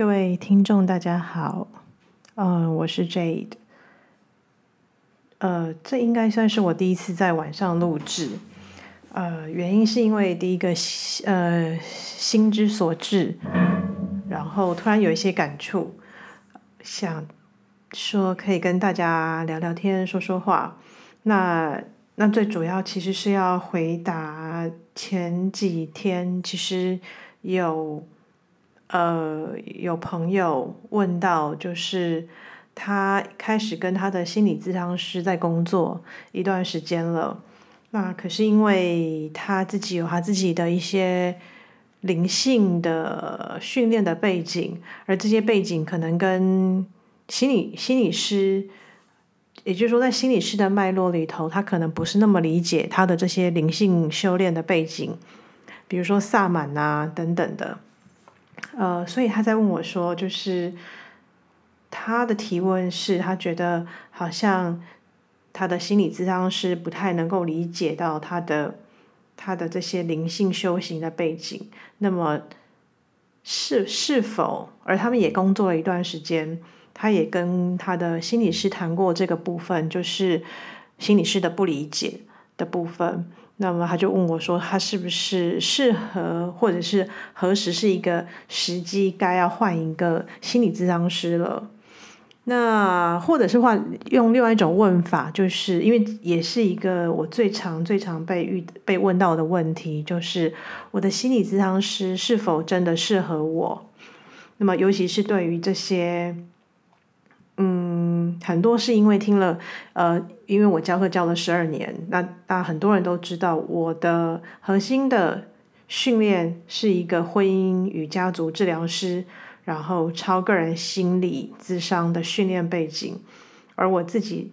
各位聽眾，大家好，嗯、呃，我是 Jade，呃，這應該算是我第一次在晚上錄製，呃，原因是因為第一個，呃，心之所至，然後突然有一些感觸，想說可以跟大家聊聊天，說說話。那那最主要其實是要回答前幾天其實有。呃，有朋友問到，就是他開始跟他的心理諮商師在工作一段時間了，那可是因為他自己有他自己的一些靈性的訓練的背景，而這些背景可能跟心理心理師，也就是說，在心理師的脈絡裡頭，他可能不是那麼理解他的這些靈性修煉的背景，比如說薩滿啊等等的。呃，所以他在問我說，就是他的提問是他覺得好像他的心理諮商師不太能夠理解到他的他的這些靈性修行的背景，那麼是是否，而他們也工作了一段時間，他也跟他的心理師談過這個部分，就是心理師的不理解的部分。那麼他就問我說：“他是不是適合，或者是何時是一個時機該要換一個心理諮療師了？那或者是換用另外一種問法，就是因為也是一個我最常、最常被遇、被問到的問題，就是我的心理諮療師是否真的適合我？那麼，尤其是對於這些。”很多是因為聽了，呃，因為我教課教了十二年，那那很多人都知道我的核心的訓練是一個婚姻與家族治療師，然後超個人心理諮商的訓練背景，而我自己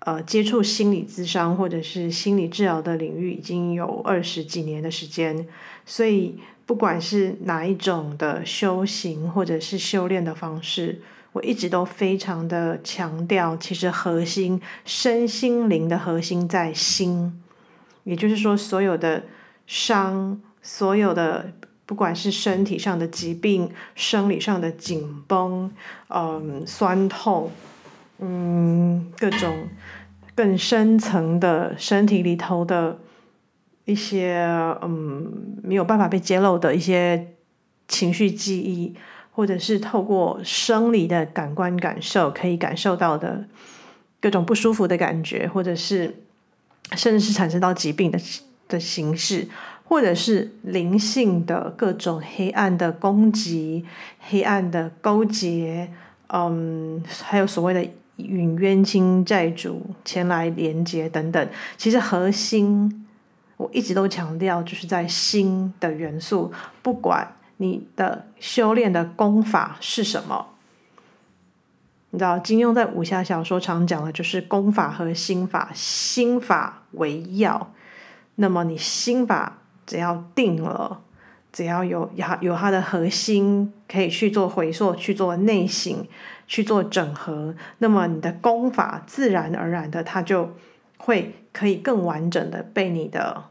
呃接觸心理諮商或者是心理治療的領域已經有二十幾年的時間，所以不管是哪一種的修行或者是修煉的方式。我一直都非常的強調，其實核心、身心靈的核心在心，也就是說，所有的傷，所有的不管是身體上的疾病、生理上的緊繃、嗯、痠痛，嗯，各種更深層的身體裡頭的一些，嗯，沒有辦法被揭露的一些情緒記憶。或者是透過生理的感官感受可以感受到的各種不舒服的感覺，或者是甚至是產生到疾病的的形式，或者是靈性的各種黑暗的攻擊、黑暗的勾結，嗯，還有所謂的冤親債主前來連接等等。其實核心我一直都強調，就是在心的元素，不管。你的修煉的功法是什麼？你知道，金庸在武俠小說常講的就是功法和心法，心法為要。那麼你心法只要定了，只要有有有它的核心，可以去做回溯、去做內省、去做整合，那麼你的功法自然而然的它就會可以更完整的被你的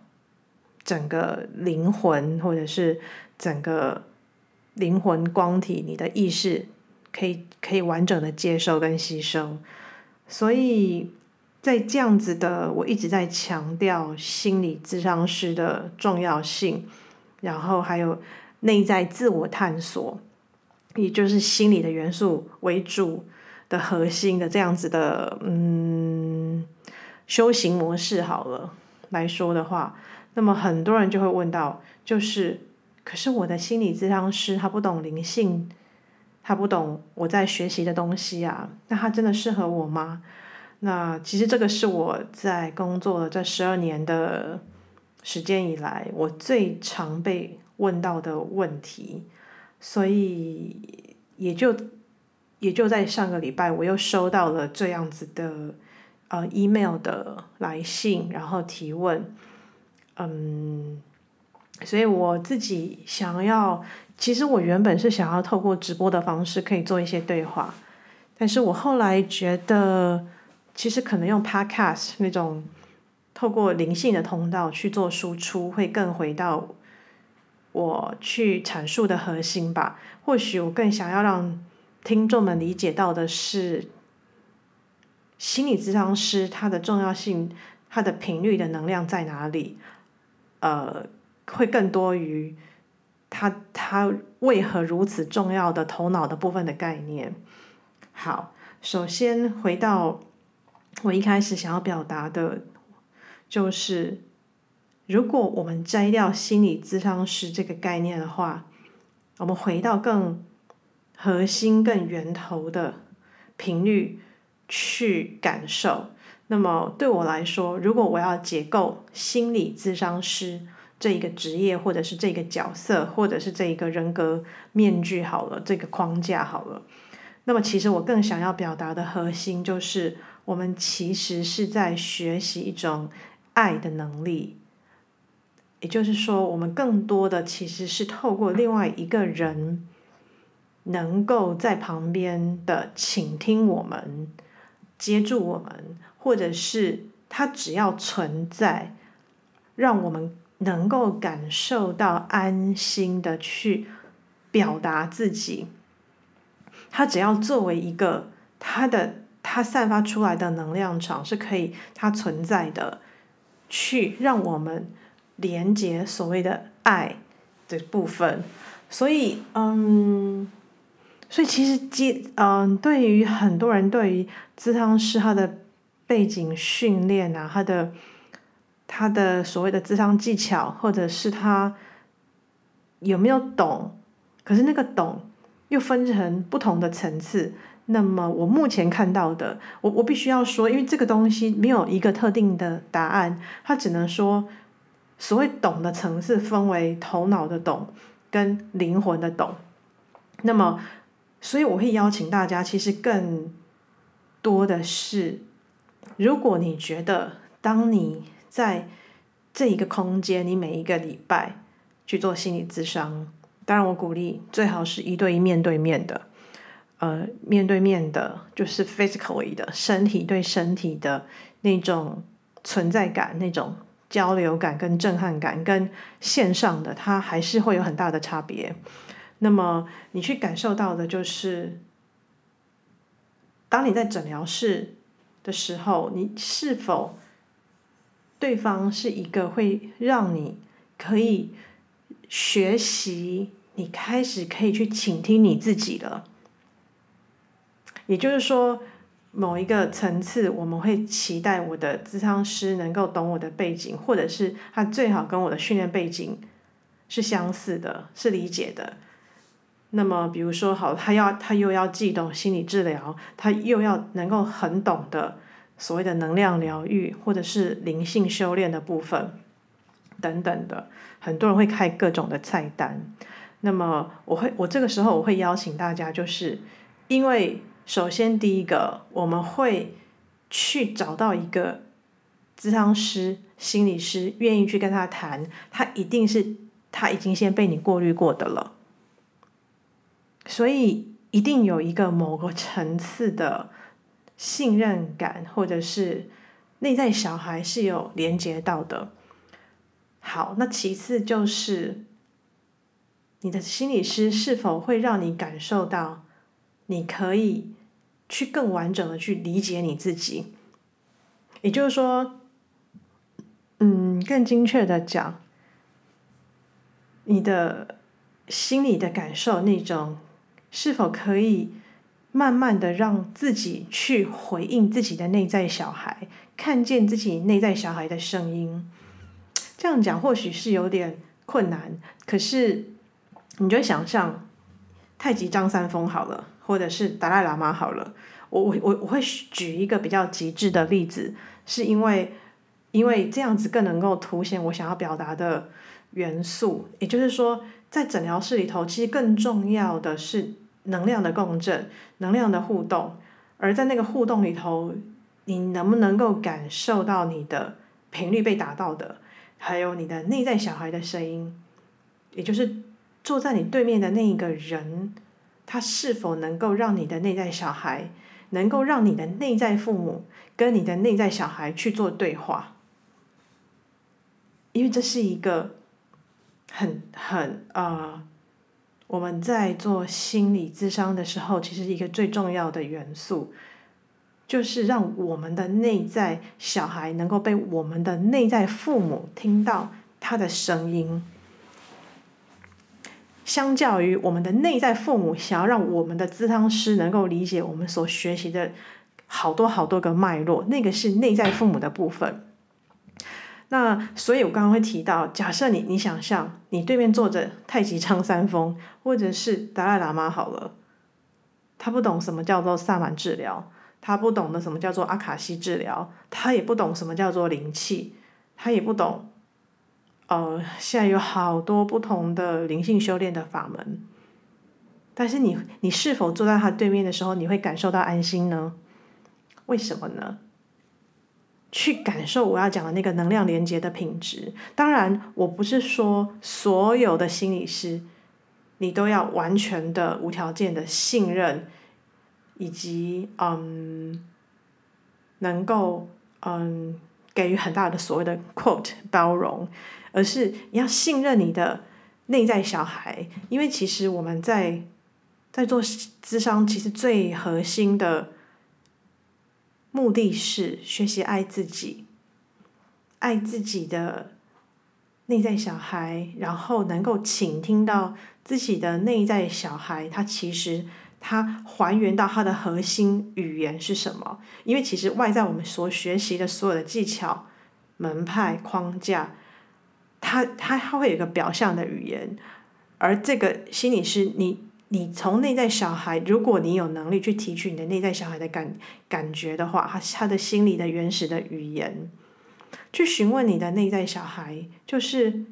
整個靈魂或者是。整個靈魂光體，你的意識可以可以完整的接受跟吸收，所以在這樣子的，我一直在強調心理諮商師的重要性，然後還有內在自我探索，也就是心理的元素為主的核心的這樣子的嗯修行模式好了來說的話，那麼很多人就會問到，就是。可是我的心理諮商師他不懂靈性，他不懂我在學習的東西啊，那他真的適合我嗎？那其實這個是我在工作了這十二年的時間以來，我最常被問到的問題，所以也就也就在上個禮拜，我又收到了這樣子的呃 email 的來信，然後提問，嗯。所以我自己想要，其實我原本是想要透過直播的方式可以做一些對話，但是我後來覺得，其實可能用 podcast 那種透過靈性的通道去做輸出會更回到我去闡述的核心吧。或許我更想要讓聽眾們理解到的是，心理諮商師它的重要性，它的頻率的能量在哪裡？呃。會更多於他他為何如此重要的頭腦的部分的概念。好，首先回到我一開始想要表達的，就是如果我們摘掉心理諮商師這個概念的話，我們回到更核心、更源頭的頻率去感受。那麼對我來說，如果我要解構心理諮商師，這一個職業，或者是這個角色，或者是這一個人格面具，好了，這個框架好了。那麼，其實我更想要表達的核心就是，我們其實是在學習一種愛的能力。也就是說，我們更多的其實是透過另外一個人，能夠在旁邊的傾聽我們、接住我們，或者是他只要存在，讓我們。能夠感受到安心的去表達自己，他只要作為一個他的，他散發出來的能量場是可以，他存在的，去讓我們連接所謂的愛的部分。所以，嗯，所以其實接，嗯，對於很多人，對於諮商師他的背景訓練啊，他的。他的所謂的諮商技巧，或者是他有沒有懂？可是那個懂又分成不同的層次。那麼我目前看到的，我我必須要說，因為這個東西沒有一個特定的答案，它只能說所謂懂的層次分為頭腦的懂跟靈魂的懂。那麼，所以我會邀請大家，其實更多的是，如果你覺得當你。在這一個空間，你每一個禮拜去做心理諮商，當然我鼓勵最好是一對一面對面的，呃，面對面的，就是 physically 的身體對身體的那種存在感、那種交流感跟震撼感，跟線上的它還是會有很大的差別。那麼你去感受到的就是，當你在診療室的時候，你是否？對方是一個會讓你可以學習，你開始可以去傾聽你自己的。也就是說，某一個層次，我們會期待我的諮商師能夠懂我的背景，或者是他最好跟我的訓練背景是相似的，是理解的。那麼，比如說，好，他要他又要既懂心理治療，他又要能夠很懂得，所謂的能量療癒，或者是靈性修煉的部分，等等的，很多人會開各種的菜單。那麼，我會我這個時候我會邀請大家，就是因為首先第一個，我們會去找到一個諮商師、心理師願意去跟他談，他一定是他已經先被你過濾過的了，所以一定有一個某個層次的。信任感，或者是內在小孩是有連接到的。好，那其次就是你的心理師是否會讓你感受到，你可以去更完整的去理解你自己。也就是說，嗯，更精確的講，你的心理的感受那種是否可以？慢慢的讓自己去回應自己的內在小孩，看見自己內在小孩的聲音。這樣講或許是有點困難，可是你就會想象太極張三豐好了，或者是達賴喇嘛好了。我我我我會舉一個比較極致的例子，是因為因為這樣子更能夠凸顯我想要表達的元素。也就是說，在診療室裡頭，其實更重要的是。能量的共振，能量的互動，而在那個互動裡頭，你能不能夠感受到你的頻率被打到的，還有你的內在小孩的聲音，也就是坐在你對面的那一個人，他是否能夠讓你的內在小孩，能夠讓你的內在父母跟你的內在小孩去做對話？因為這是一個很，很啊。呃我們在做心理諮商的時候，其實一個最重要的元素，就是讓我們的內在小孩能夠被我們的內在父母聽到他的聲音。相較於我們的內在父母想要讓我們的諮商師能夠理解我們所學習的好多好多個脈絡，那個是內在父母的部分。那所以，我剛剛會提到，假設你你想象你對面坐着太極張三豐，或者是達賴喇嘛好了，他不懂什麼叫做薩滿治療，他不懂得什麼叫做阿卡西治療，他也不懂什麼叫做靈氣，他也不懂，呃，現在有好多不同的靈性修煉的法門，但是你你是否坐在他對面的時候，你會感受到安心呢？為什麼呢？去感受我要講的那個能量連接的品質。當然，我不是說所有的心理師你都要完全的無條件的信任，以及嗯，能夠嗯給予很大的所謂的 “quote” 包容，而是你要信任你的內在小孩。因為其實我們在在做諮商，其實最核心的。目的是學習愛自己，愛自己的內在小孩，然後能夠傾聽到自己的內在小孩，他其實他還原到他的核心語言是什麼？因為其實外在我們所學習的所有的技巧、門派、框架，他他他會有一個表象的語言，而這個心理師你。你從內在小孩，如果你有能力去提取你的內在小孩的感感覺的話，他他的心裡的原始的語言，去詢問你的內在小孩，就是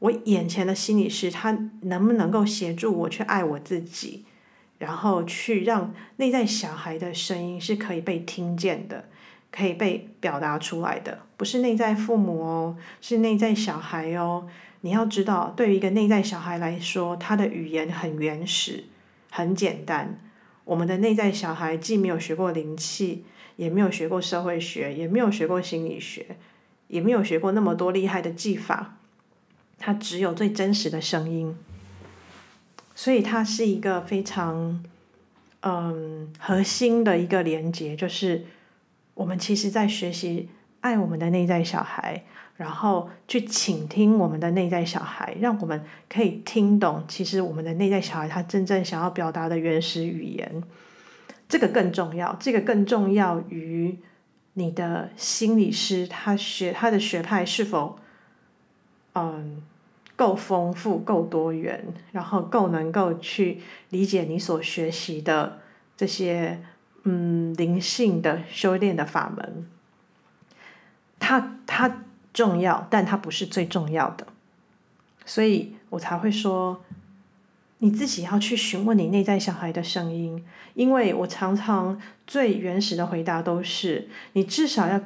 我眼前的心理師，他能不能夠協助我去愛我自己，然後去讓內在小孩的聲音是可以被聽見的，可以被表達出來的，不是內在父母哦，是內在小孩哦。你要知道，對於一個內在小孩來說，他的語言很原始、很簡單。我們的內在小孩既沒有學過靈氣，也沒有學過社會學，也沒有學過心理學，也沒有學過那麼多厲害的技法。他只有最真實的聲音，所以他是一個非常，嗯，核心的一個連接，就是我們其實在學習愛我們的內在小孩。然後去傾聽我們的內在小孩，讓我們可以聽懂，其實我們的內在小孩他真正想要表達的原始語言，這個更重要。這個更重要於你的心理師，他學他的學派是否，嗯，夠豐富、夠多元，然後夠能夠去理解你所學習的這些嗯靈性的修煉的法門，他他。重要，但它不是最重要的，所以我才會說，你自己要去詢問你內在小孩的聲音，因為我常常最原始的回答都是，你至少要，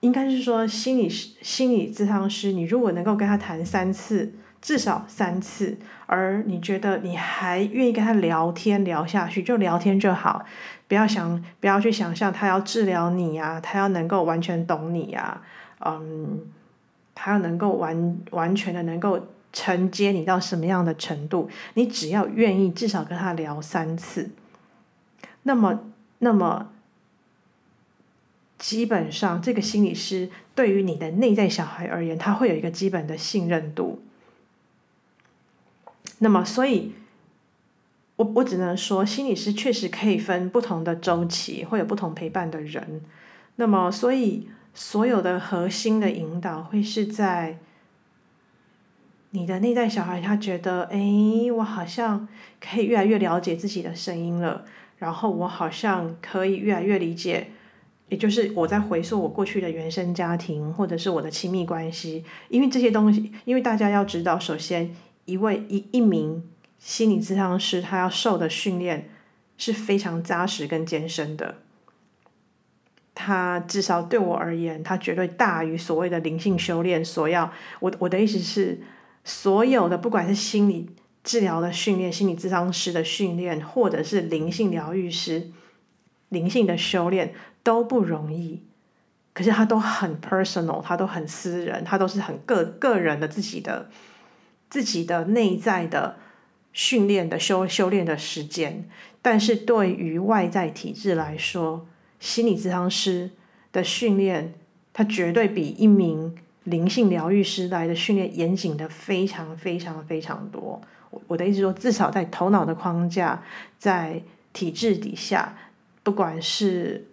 應該是說心理心理諮商師，你如果能夠跟他談三次，至少三次，而你覺得你還願意跟他聊天聊下去，就聊天就好，不要想，不要去想象他要治療你啊，他要能夠完全懂你啊，嗯。還能夠完完全的能夠承接你到什麼樣的程度，你只要願意至少跟他聊三次，那麼那麼基本上這個心理師對於你的內在小孩而言，他會有一個基本的信任度。那麼所以，我我只能說，心理師確實可以分不同的周期，會有不同陪伴的人。那麼所以。所有的核心的引導會是在你的內在小孩，他覺得，哎，我好像可以越來越了解自己的聲音了，然後我好像可以越來越理解，也就是我在回溯我過去的原生家庭或者是我的親密關係，因為這些東西，因為大家要知道，首先一位一一名心理諮詢師他要受的訓練是非常扎實跟艱深的。他至少對我而言，他絕對大於所謂的靈性修煉。所要我我的意思是，所有的不管是心理治療的訓練、心理諮商師的訓練，或者是靈性療癒師、靈性的修煉都不容易。可是他都很 personal，他都很私人，他都是很個個人的自己的、自己的內在的訓練的修修煉的時間。但是對於外在體制來說，心理諮商師的訓練，它絕對比一名靈性療癒師來的訓練嚴謹的非常非常非常多。我我的意思說，至少在頭腦的框架，在體制底下，不管是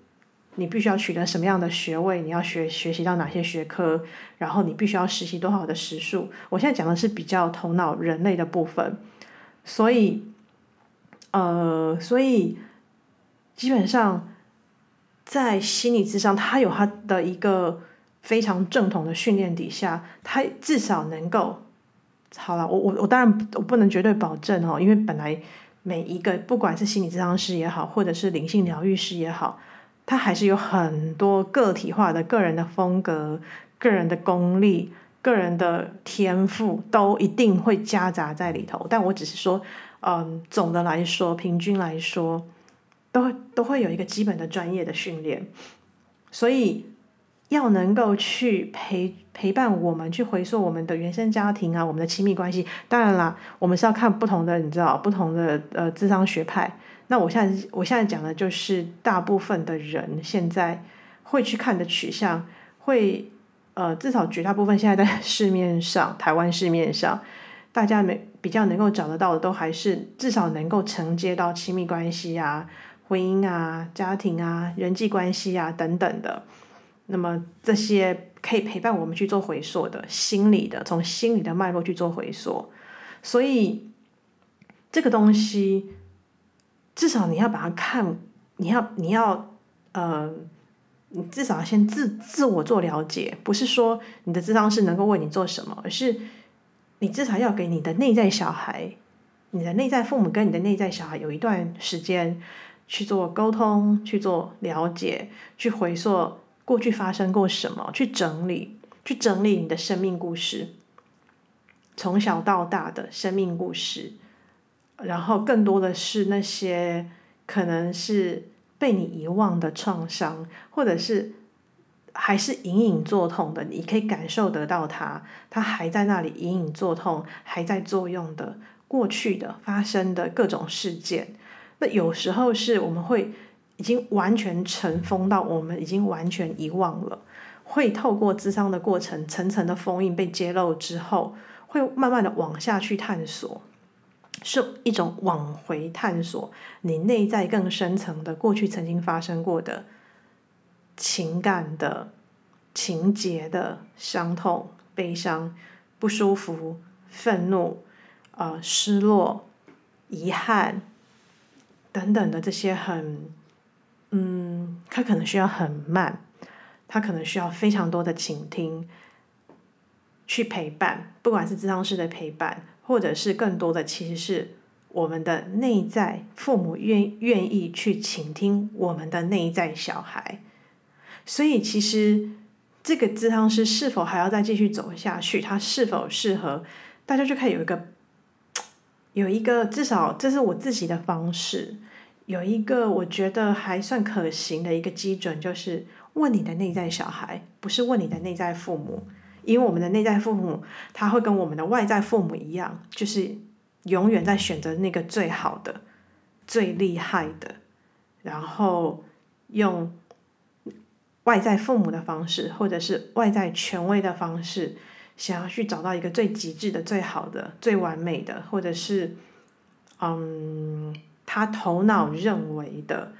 你必須要取得什麼樣的學位，你要學學習到哪些學科，然後你必須要實習多少的時數。我現在講的是比較頭腦人類的部分，所以，呃，所以基本上。在心理諮商，他有他的一個非常正統的訓練底下，他至少能夠好了。我我我當然我不能絕對保證哦，因為本來每一個不管是心理諮商師也好，或者是靈性療癒師也好，他還是有很多個體化的、個人的風格、個人的功力、個人的天賦，都一定會夾雜在裡頭。但我只是說，嗯、呃，總的來說，平均來說。都都會有一個基本的專業的訓練，所以要能夠去陪陪伴我們去回溯我們的原生家庭啊，我們的親密關係。當然啦，我們是要看不同的，你知道不同的呃諮商學派。那我現在我現在講的就是大部分的人現在會去看的取向，會呃至少絕大部分現在在市面上，台灣市面上大家沒比較能夠找得到的，都還是至少能夠承接到親密關係啊。婚姻啊，家庭啊，人際關係啊，等等的，那麼這些可以陪伴我們去做回溯的，心理的，從心理的脈絡去做回溯。所以這個東西，至少你要把它看，你要，你要，呃，你至少要先自自我做了解，不是說你的智商是能夠為你做什麼，而是你至少要給你的內在小孩，你的內在父母跟你的內在小孩有一段時間。去做溝通，去做了解，去回溯過去發生過什麼，去整理，去整理你的生命故事，從小到大的生命故事，然後更多的是那些可能是被你遺忘的創傷，或者是還是隱隱作痛的，你可以感受得到它，它還在那裡隱隱作痛，還在作用的過去的發生的各種事件。那有時候是我們會已經完全塵封到我們已經完全遺忘了，會透過諮商的過程，層層的封印被揭露之後，會慢慢的往下去探索，是一種往回探索你內在更深層的過去曾經發生過的情感的情結的傷痛、悲傷、不舒服、憤怒、呃、失落、遺憾。等等的這些很，嗯，他可能需要很慢，他可能需要非常多的傾聽，去陪伴，不管是諮商師的陪伴，或者是更多的其實是我們的內在父母願願意去傾聽我們的內在小孩，所以其實這個諮商師是否還要再繼續走下去，他是否適合，大家就可以有一個。有一個，至少這是我自己的方式。有一個我覺得還算可行的一個基準，就是問你的內在小孩，不是問你的內在父母，因為我們的內在父母他會跟我們的外在父母一樣，就是永遠在選擇那個最好的、最厲害的，然後用外在父母的方式或者是外在權威的方式。想要去找到一個最極致的、最好的、最完美的，或者是，嗯，他頭腦認為的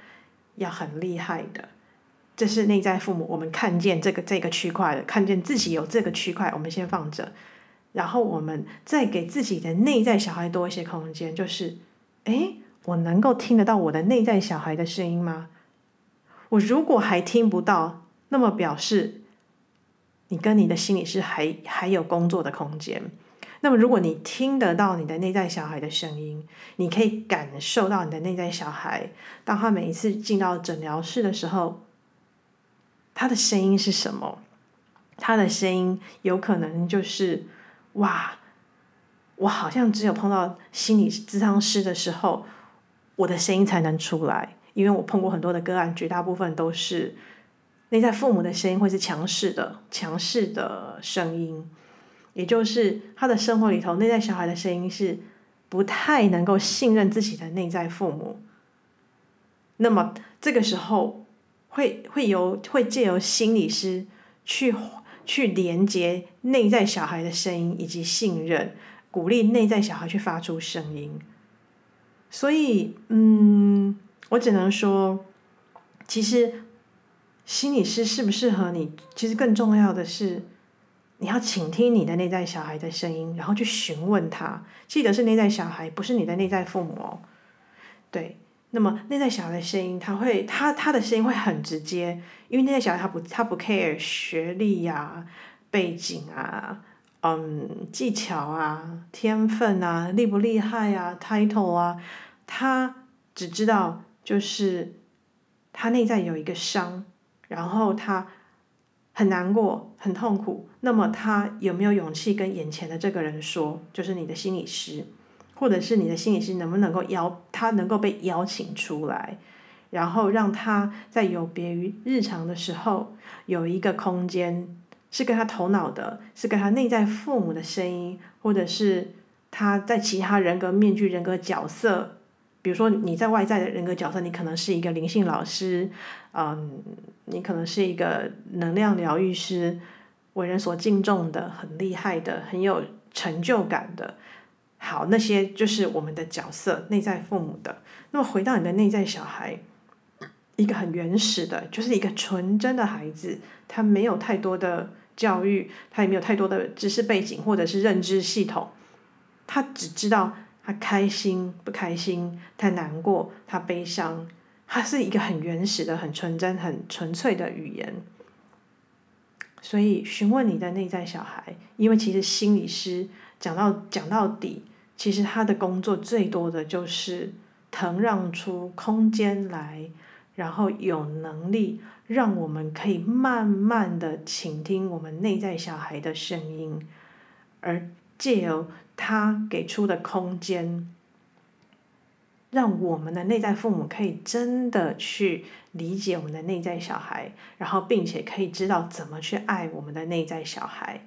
要很厲害的，這是內在父母。我們看見這個這個區塊的，看見自己有這個區塊，我們先放着，然後我們再給自己的內在小孩多一些空間。就是，哎，我能夠聽得到我的內在小孩的聲音嗎？我如果還聽不到，那麼表示。你跟你的心理師還還有工作的空間。那麼，如果你聽得到你的內在小孩的聲音，你可以感受到你的內在小孩，當他每一次進到診療室的時候，他的聲音是什麼？他的聲音有可能就是：哇，我好像只有碰到心理諮商師的時候，我的聲音才能出來，因為我碰過很多的個案，絕大部分都是。內在父母的聲音會是強勢的、強勢的聲音，也就是他的生活裡頭，內在小孩的聲音是不太能夠信任自己的內在父母。那麼這個時候，會會由會借由心理師去去連接內在小孩的聲音以及信任，鼓勵內在小孩去發出聲音。所以，嗯，我只能說，其實，心理師適不適合你？其實更重要的是，你要傾聽你的內在小孩的聲音，然後去詢問他。記得是內在小孩，不是你的內在父母哦。對，那麼內在小孩的聲音，他會他他的聲音會很直接，因為內在小孩他不他不 care 學歷呀、啊、背景啊、嗯、技巧啊、天分啊、厲不厲害啊、title 啊，他只知道就是他內在有一個傷。然後他很難過，很痛苦。那麼他有沒有勇氣跟眼前的這個人說？就是你的心理師，或者是你的心理師能不能夠邀，他能夠被邀請出來，然後讓他在有別於日常的時候，有一個空間，是跟他頭腦的，是跟他內在父母的聲音，或者是他在其他人格面具、人格角色。比如說，你在外在的人格角色，你可能是一個靈性老師，嗯，你可能是一個能量療癒師，為人所敬重的，很厲害的，很有成就感的，好，那些就是我們的角色，內在父母的。那麼回到你的內在小孩，一個很原始的，就是一個純真的孩子，他沒有太多的教育，他也沒有太多的知識背景或者是認知系統，他只知道。他開心不開心？太難過，他悲傷。他是一個很原始的、很純真、很純粹的語言，所以詢問你的內在小孩。因為其實心理師講到講到底，其實他的工作最多的就是騰讓出空間來，然後有能力讓我們可以慢慢的傾聽我們內在小孩的聲音，而借由。他給出的空間，讓我們的內在父母可以真的去理解我們的內在小孩，然後並且可以知道怎麼去愛我們的內在小孩。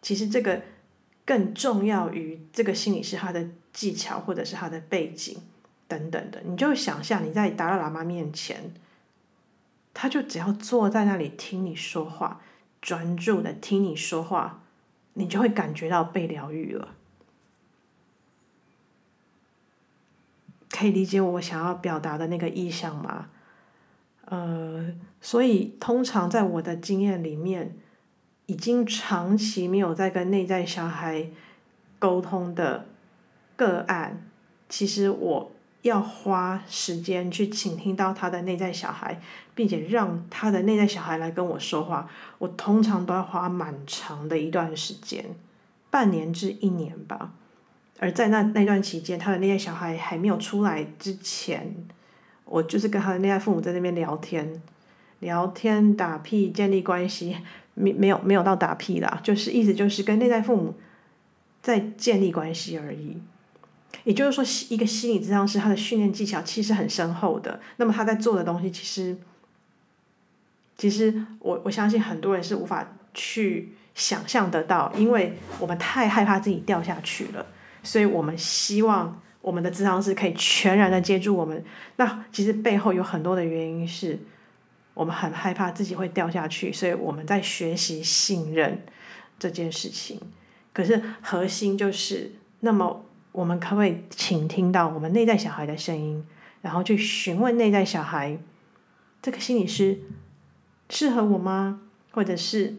其實這個更重要於這個心理師他的技巧或者是他的背景等等的。你就想象你在達賴喇嘛面前，他就只要坐在那裡聽你說話，專注的聽你說話，你就會感覺到被療癒了。可以理解我想要表達的那個意象嗎？呃，所以通常在我的經驗裡面，已經長期沒有在跟內在小孩溝通的個案，其實我要花時間去傾聽到他的內在小孩，並且讓他的內在小孩來跟我說話，我通常都要花蠻長的一段時間，半年至一年吧。而在那那段期間，他的內在小孩還沒有出來之前，我就是跟他的內在父母在那邊聊天，聊天打屁建立關係，沒沒有沒有到打屁啦，就是意思就是跟內在父母在建立關係而已。也就是說，一個心理治療師他的訓練技巧其實很深厚的，那麼他在做的東西其實，其實我我相信很多人是無法去想象得到，因為我們太害怕自己掉下去了。所以我們希望我們的諮商師是可以全然的接住我們。那其實背後有很多的原因，是我們很害怕自己會掉下去，所以我們在學習信任這件事情。可是核心就是，那麼我們可不可以傾聽到我們內在小孩的聲音，然後去詢問內在小孩，這個心理師適合我嗎？或者是？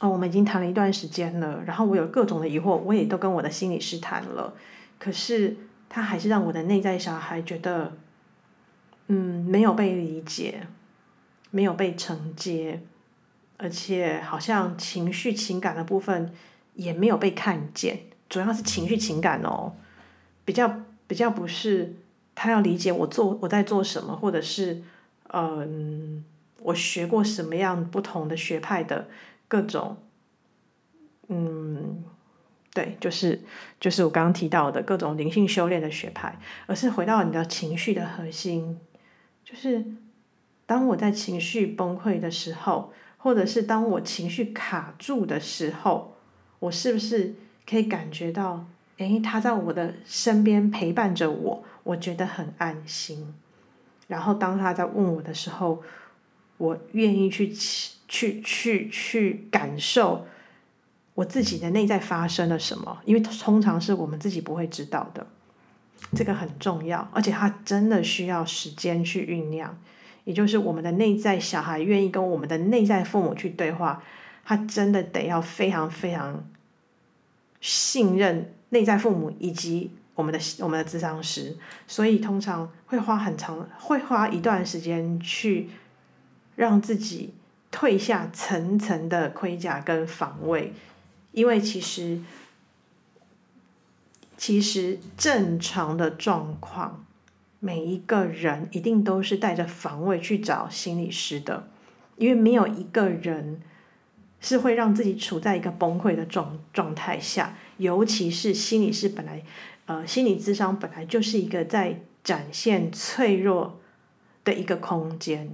哦，oh, 我們已經談了一段時間了，然後我有各種的疑惑，我也都跟我的心理師談了，可是他還是讓我的內在小孩覺得，嗯，沒有被理解，沒有被承接，而且好像情緒情感的部分也沒有被看見，主要是情緒情感哦，比較比較不是他要理解我做我在做什麼，或者是，嗯、呃，我學過什麼樣不同的學派的。各種，嗯，對，就是就是我剛剛提到的各種靈性修煉的學派，而是回到你的情緒的核心，就是當我在情緒崩潰的時候，或者是當我情緒卡住的時候，我是不是可以感覺到，誒，他在我的身邊陪伴着我，我覺得很安心。然後當他在問我的時候。我願意去去去去感受我自己的內在發生了什麼，因為通常是我們自己不會知道的，這個很重要，而且它真的需要時間去醞釀。也就是我們的內在小孩願意跟我們的內在父母去對話，他真的得要非常非常信任內在父母以及我們的我們的諮商師，所以通常會花很長、會花一段時間去。讓自己退下層層的盔甲跟防衛，因為其實其實正常的狀況，每一個人一定都是帶着防衛去找心理師的，因為沒有一個人是會讓自己處在一個崩潰的狀狀態下，尤其是心理師本來呃心理諮商本來就是一個在展現脆弱的一個空間。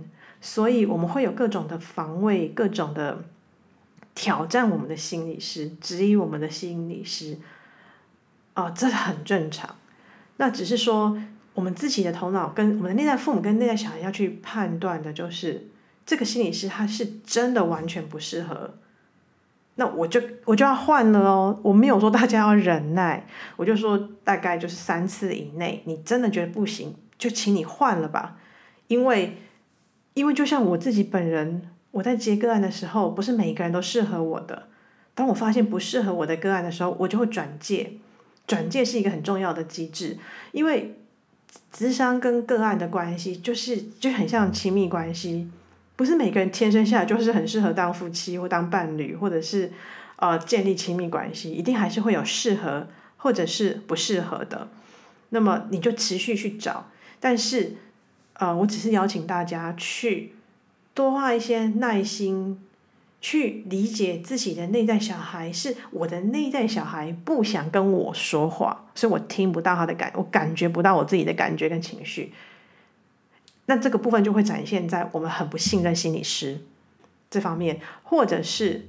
所以我們會有各種的防衛，各種的挑戰我們的心理師，質疑我們的心理師，哦，這很正常。那只是說，我們自己的頭腦跟我們的內在父母跟內在小孩要去判斷的，就是這個心理師他是真的完全不適合。那我就我就要換了哦，我沒有說大家要忍耐，我就說大概就是三次以內，你真的覺得不行，就請你換了吧，因為。因為就像我自己本人，我在接個案的時候，不是每一個人都適合我的。當我發現不適合我的個案的時候，我就會轉介。轉介是一個很重要的機制，因為，諮商跟個案的關係就是就很像親密關係，不是每個人天生下來就是很適合當夫妻或當伴侶，或者是，呃，建立親密關係，一定還是會有適合或者是不適合的。那麼你就持續去找，但是。呃，我只是邀請大家去多花一些耐心，去理解自己的內在小孩。是我的內在小孩不想跟我說話，所以我聽不到他的感，我感覺不到我自己的感覺跟情緒。那這個部分就會展現在我們很不信任心理師這方面，或者是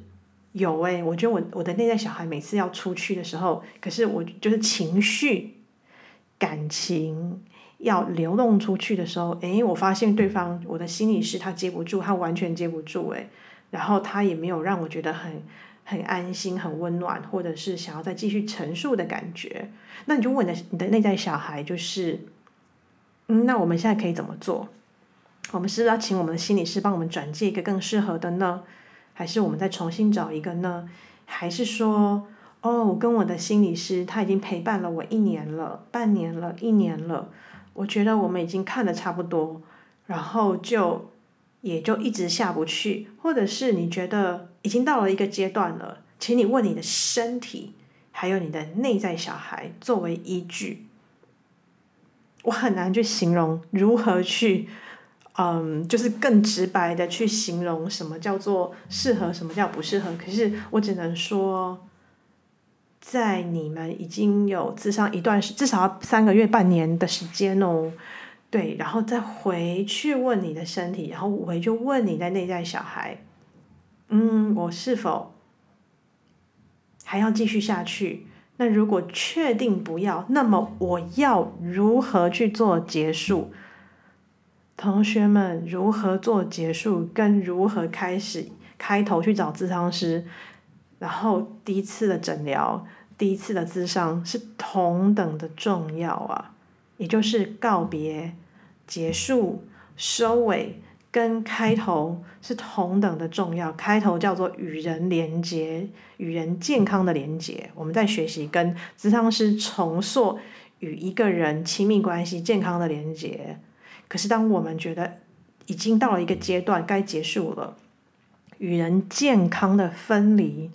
有誒、欸，我覺得我我的內在小孩每次要出去的時候，可是我就是情緒、感情。要流動出去的時候，誒，我發現對方我的心理師他接不住，他完全接不住，誒，然後他也沒有讓我覺得很很安心、很溫暖，或者是想要再繼續陳述的感覺。那你就問你的你的內在小孩，就是，嗯，那我們現在可以怎麼做？我們是不是要請我們的心理師幫我們轉介一個更適合的呢，還是我們再重新找一個呢？還是說，哦，我跟我的心理師他已經陪伴了我一年了、半年了、一年了？我覺得我們已經看得差不多，然後就也就一直下不去，或者是你覺得已經到了一個階段了，請你問你的身體，還有你的內在小孩作為依據。我很難去形容如何去，嗯，就是更直白的去形容什麼叫做適合，什麼叫不適合。可是我只能說。在你們已經有諮商一段時，至少要三個月、半年的時間哦，對，然後再回去問你的身體，然後回去問你的內在小孩，嗯，我是否還要繼續下去？那如果確定不要，那麼我要如何去做結束？同學們如何做結束，跟如何開始開頭去找諮商師？然後第一次的診療，第一次的諮商是同等的重要啊，也就是告別、結束、收尾跟開頭是同等的重要。開頭叫做與人連結，與人健康的連結。我們在學習跟諮商師重塑與一個人親密關係健康的連接。可是當我們覺得已經到了一個階段，該結束了，與人健康的分離。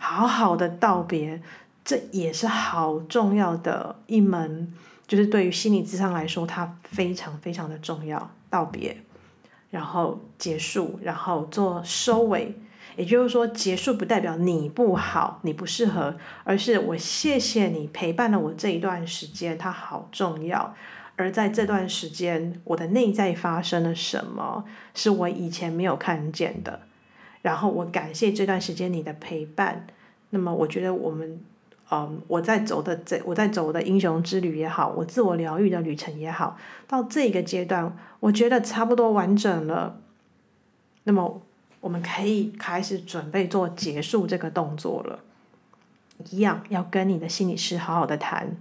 好好的道別，這也是好重要的一門，就是對於心理諮商來說，它非常非常的重要。道別，然後結束，然後做收尾，也就是說，結束不代表你不好，你不適合，而是我謝謝你陪伴了我這一段時間，它好重要。而在這段時間，我的內在發生了什麼，是我以前沒有看見的。然後我感謝這段時間你的陪伴。那麼我覺得我們，嗯，我在走的這，我在走的英雄之旅也好，我自我療癒的旅程也好，到這個階段，我覺得差不多完整了。那麼我們可以開始準備做結束這個動作了。一樣要跟你的心理師好好的談。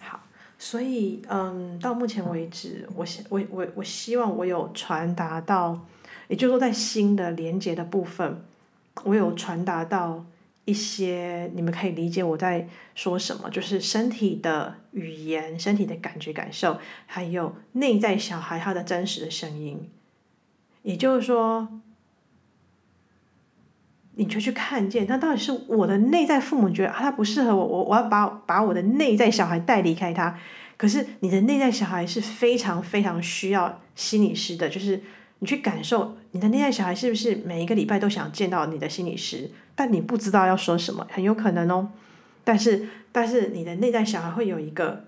好，所以嗯，到目前為止，我希我我我希望我有傳達到。也就是說，在新的連接的部分，我有傳達到一些你們可以理解我在說什麼，就是身體的語言、身體的感覺、感受，還有內在小孩他的真實的聲音。也就是說，你就去看見，他到底是我的內在父母覺得啊，他不適合我，我我要把把我的內在小孩帶離開他。可是你的內在小孩是非常非常需要心理師的，就是。你去感受你的內在小孩是不是每一個禮拜都想見到你的心理師，但你不知道要說什麼，很有可能哦。但是，但是你的內在小孩會有一個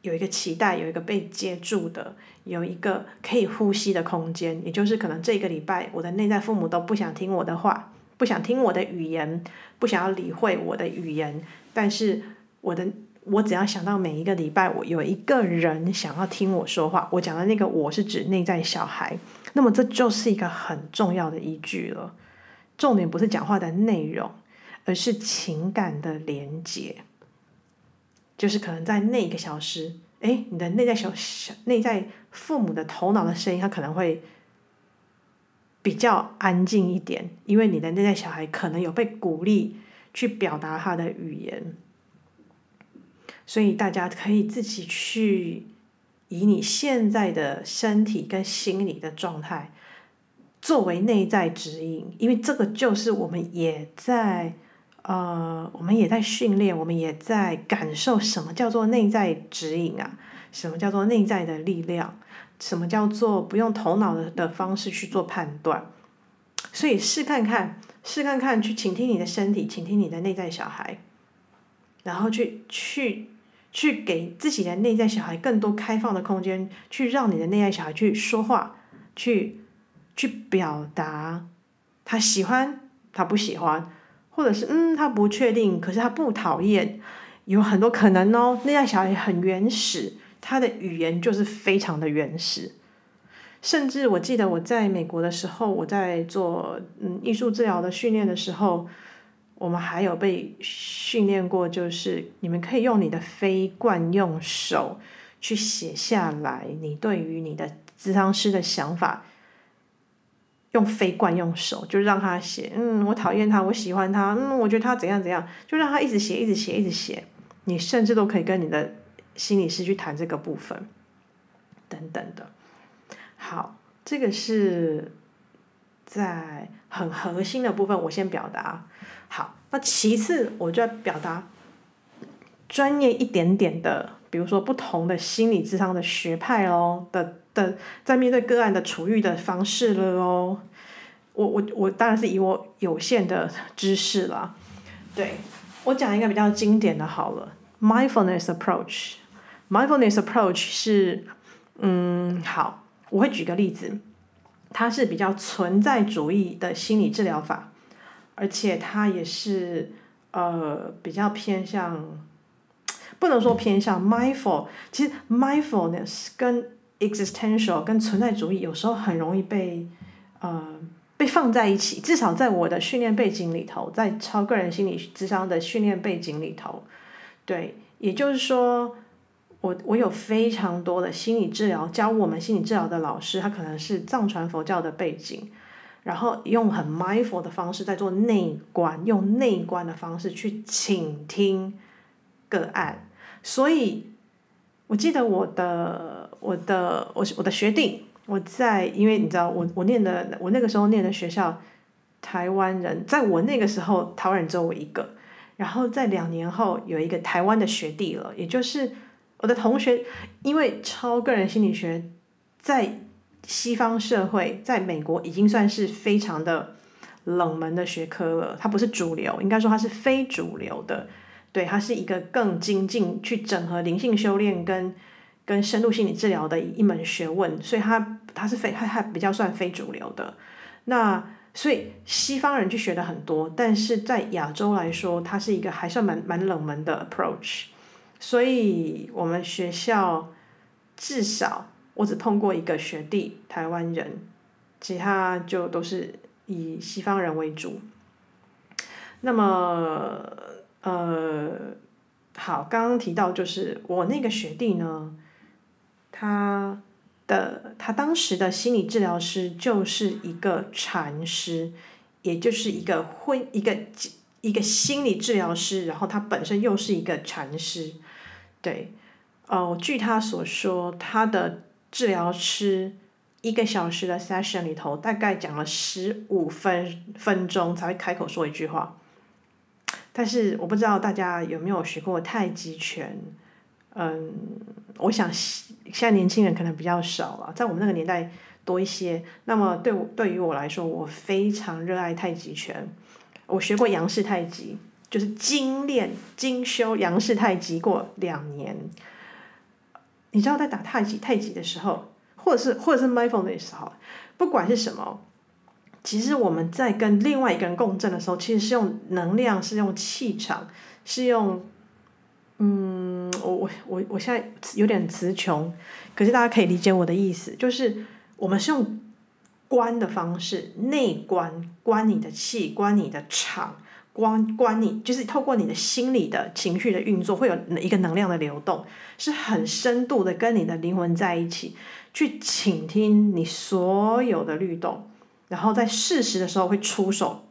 有一個期待，有一個被接住的，有一個可以呼吸的空間。也就是可能這個禮拜我的內在父母都不想聽我的話，不想聽我的語言，不想要理會我的語言，但是我的。我只要想到每一個禮拜，我有一個人想要聽我說話，我講的那個我是指內在小孩，那麼這就是一個很重要的依據了。重點不是講話的內容，而是情感的連結。就是可能在那一個小時，哎，你的內在小小內在父母的頭腦的聲音，他可能會比較安靜一點，因為你的內在小孩可能有被鼓勵去表達他的語言。所以大家可以自己去以你現在的身體跟心理的狀態作為內在指引，因為這個就是我們也在呃，我們也在訓練，我們也在感受什麼叫做內在指引啊，什麼叫做內在的力量，什麼叫做不用頭腦的的方式去做判斷。所以試看看，試看看，去傾聽你的身體，傾聽你的內在小孩。然後去去去給自己的內在小孩更多開放的空間，去讓你的內在小孩去說話，去去表達，他喜歡，他不喜歡，或者是嗯，他不確定，可是他不討厭，有很多可能哦。內在小孩很原始，他的語言就是非常的原始，甚至我記得我在美國的時候，我在做嗯，藝術治療的訓練的時候，我們還有被訓練過，就是你們可以用你的非慣用手去寫下來，你對於你的諮商師的想法，用非慣用手，就讓他寫。嗯，我討厭他，我喜歡他。嗯，我覺得他怎樣怎樣，就讓他一直寫，一直寫，一直寫。你甚至都可以跟你的心理師去談這個部分，等等的。好，這個是。在很核心的部分，我先表達好，那其次我就要表達專業一點點的，比如說不同的心理諮商的學派哦的的，在面對個案的處遇的方式了哦，我我我當然是以我有限的知識啦，對，我講一個比較經典的好了，mindfulness approach，mindfulness approach 是，嗯，好，我會舉個例子。它是比較存在主義的心理治療法，而且它也是呃比較偏向，不能說偏向 mindful，其實 mindfulness 跟 existential 跟存在主義有時候很容易被呃被放在一起，至少在我的訓練背景裡頭，在超個人心理諮商的訓練背景裡頭，對，也就是說。我我有非常多的心理治療教我們心理治療的老師，他可能是藏傳佛教的背景，然後用很 mindful 的方式在做內觀，用內觀的方式去傾聽個案。所以，我記得我的我的我我的學弟，我在因為你知道我我唸的我那個時候唸的學校，台灣人，在我那個時候，台灣人只有我一個，然後在兩年後有一個台灣的學弟了，也就是。我的同學，因為超個人心理學在西方社會，在美國已經算是非常的冷門的學科了。它不是主流，應該說它是非主流的。對，它是一個更精進去整合靈性修煉跟跟深度心理治療的一門學問，所以它它是非它它比較算非主流的。那所以西方人去學的很多，但是在亞洲來說，它是一個還算蠻蠻冷門的 approach。所以我們學校，至少我只碰過一個學弟，台灣人，其他就都是以西方人為主。那麼呃，好，剛剛提到就是我那個學弟呢，他的他當時的心理治療師就是一個禪師，也就是一個婚一個一個心理治療師，然後他本身又是一個禪師。對，哦，據他所說，他的治療師一個小時的 session 裡頭，大概講了十五分分鐘才會開口說一句話。但是我不知道大家有沒有學過太極拳？嗯，我想現在年輕人可能比較少了啊，在我們那個年代多一些。那麼對我對於我來說，我非常熱愛太極拳，我學過楊氏太極。就是精練、精修楊氏太極過兩年，你知道在打太極、太極的時候，或者是或者是 mindfulness 哈，不管是什麼，其實我們在跟另外一個人共振的時候，其實是用能量，是用氣場，是用，嗯，我我我我現在有點詞窮，可是大家可以理解我的意思，就是我們是用觀的方式，內觀觀你的氣，觀你的場。關關你就是透過你的心理的情緒的運作，會有一個能量的流動，是很深度的跟你的靈魂在一起，去傾聽你所有的律動，然後在適時的時候會出手，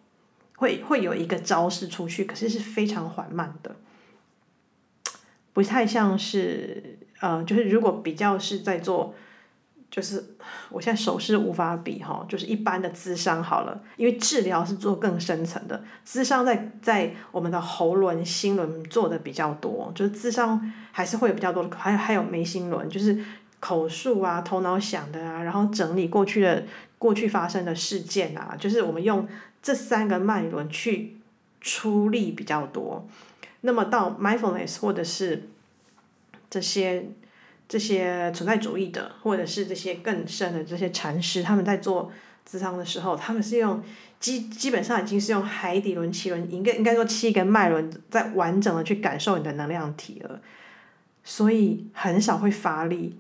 會會有一個招式出去，可是是非常緩慢的，不太像是呃，就是如果比較是在做。就是我現在手勢無法比哈，就是一般的諮商好了，因為治療是做更深層的，諮商在在我們的喉輪、心輪做的比較多，就是諮商還是會有比較多，還有還有眉心輪，就是口述啊、頭腦想的啊，然後整理過去的過去發生的事件啊，就是我們用這三個脈輪去出力比較多，那麼到 mindfulness 或者是這些。這些存在主義的，或者是這些更深的這些禪師，他們在做諮商的時候，他們是用基基本上已經是用海底輪、臍輪，應該應該說七個脈輪，在完整的去感受你的能量體了。所以很少會發力，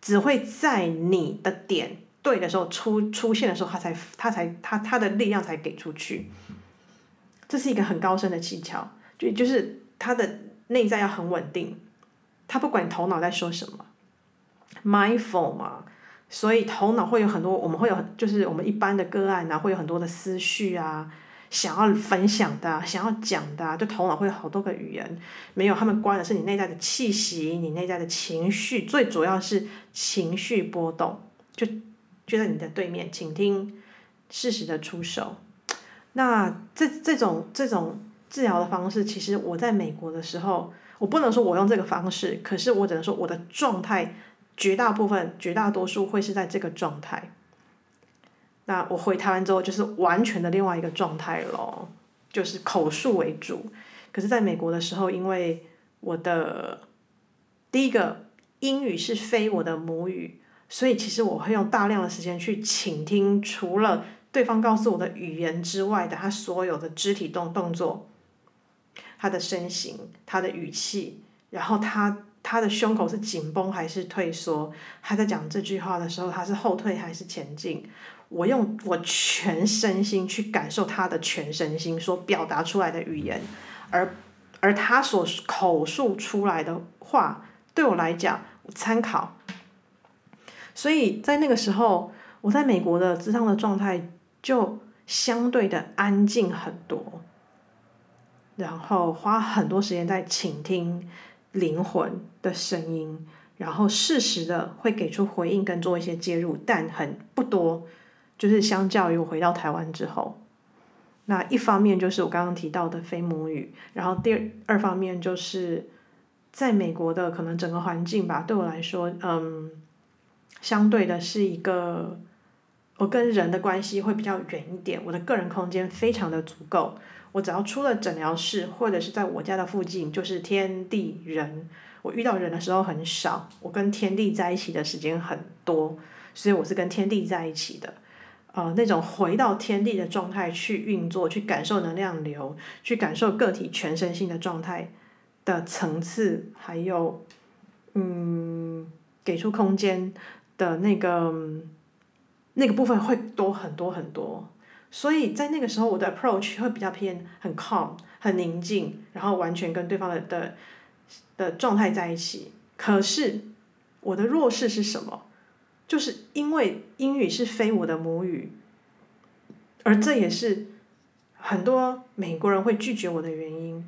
只會在你的點對的時候出出現的時候，他才他才他他的力量才給出去。這是一個很高深的技巧，就就是他的內在要很穩定。他不管你頭腦在說什麼，mindful 嘛，所以頭腦會有很多，我們會有，就是我們一般的個案呢、啊，會有很多的思緒啊，想要分享的、啊，想要講的、啊，就頭腦會有好多個語言，沒有，他們關的是你內在的氣息，你內在的情緒，最主要是情緒波動，就就在你的對面，傾聽，適時的出手。那這這種這種治療的方式，其實我在美國的時候。我不能說我用這個方式，可是我只能說我的狀態絕大部分、絕大多數會是在這個狀態。那我回台灣之後就是完全的另外一個狀態嘍，就是口述為主。可是在美國的時候，因為我的第一個英語是非我的母語，所以其實我會用大量的時間去傾聽，除了對方告訴我的語言之外的他所有的肢體動動作。他的身形，他的語氣，然後他他的胸口是緊繃還是退縮？他在講這句話的時候，他是後退還是前進？我用我全身心去感受他的全身心所表達出來的語言，而而他所口述出來的話，對我來講我參考。所以在那個時候，我在美國的諮商的狀態就相對的安靜很多。然後花很多時間在傾聽靈魂的聲音，然後適時的會給出回應跟做一些介入，但很不多，就是相較於我回到台灣之後，那一方面就是我剛剛提到的非母語，然後第二二方面就是在美國的可能整個環境吧。對我來說，嗯，相對的是一個我跟人的關係會比較遠一點，我的個人空間非常的足夠。我只要出了診療室，或者是在我家的附近，就是天地人。我遇到人的時候很少，我跟天地在一起的時間很多，所以我是跟天地在一起的。呃，那種回到天地的狀態去運作，去感受能量流，去感受個體全身性的狀態的層次，還有，嗯，給出空間的那個那個部分會多很多很多。所以在那個時候，我的 approach 會比較偏很 calm、很寧靜，然後完全跟對方的的的狀態在一起。可是我的弱勢是什麼？就是因為英語是非我的母語，而這也是很多美國人會拒絕我的原因。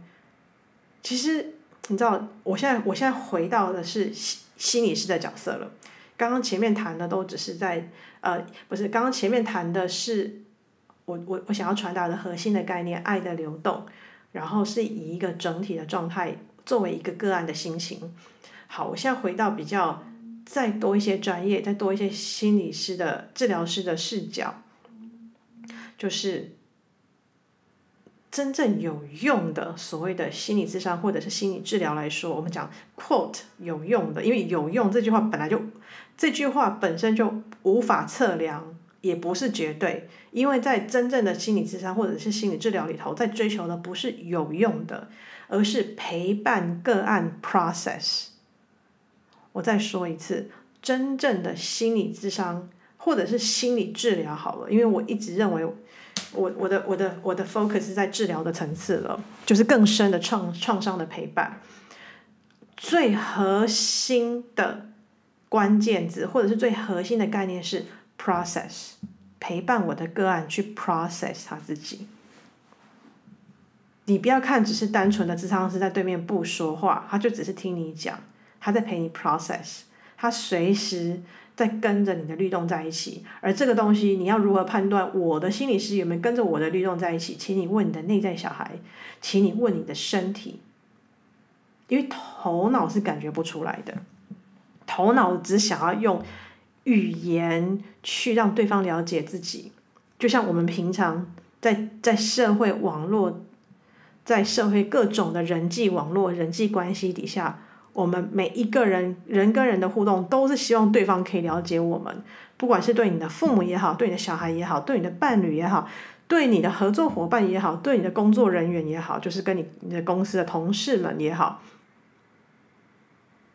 其實你知道，我現在我現在回到的是心心理師的角色了。剛剛前面談的都只是在呃，不是剛剛前面談的是。我我我想要傳達的核心的概念，愛的流動，然後是以一個整體的狀態作為一個個案的心情。好，我現在回到比較再多一些專業，再多一些心理師的治療師的視角，就是真正有用的所謂的心理諮商，或者是心理治療來說，我們講 “quote” 有用的，因為有用這句話本來就這句話本身就無法測量。也不是絕對，因為在真正的心理諮商，或者是心理治療裡頭，在追求的不是有用的，而是陪伴個案 process。我再說一次，真正的心理諮商，或者是心理治療好了，因為我一直認為我，我的我的我的我的 focus 在治療的層次了，就是更深的創創傷的陪伴。最核心的關鍵詞，或者是最核心的概念是。Process 陪伴我的個案去 process 他自己。你不要看只是單純的諮商師在對面不說話，他就只是聽你講，他在陪你 process，他隨時在跟着你的律動在一起。而這個東西你要如何判斷我的心理師有沒有跟着我的律動在一起？請你問你的內在小孩，請你問你的身體，因為頭腦是感覺不出來的，頭腦只想要用。語言去讓對方了解自己，就像我們平常在在社會網絡，在社會各種的人際網絡、人際關係底下，我們每一個人人跟人的互動，都是希望對方可以了解我們。不管是對你的父母也好，對你的小孩也好，對你的伴侶也好，對你的合作夥伴也好，對你的工作人員也好，就是跟你你的公司的同事們也好。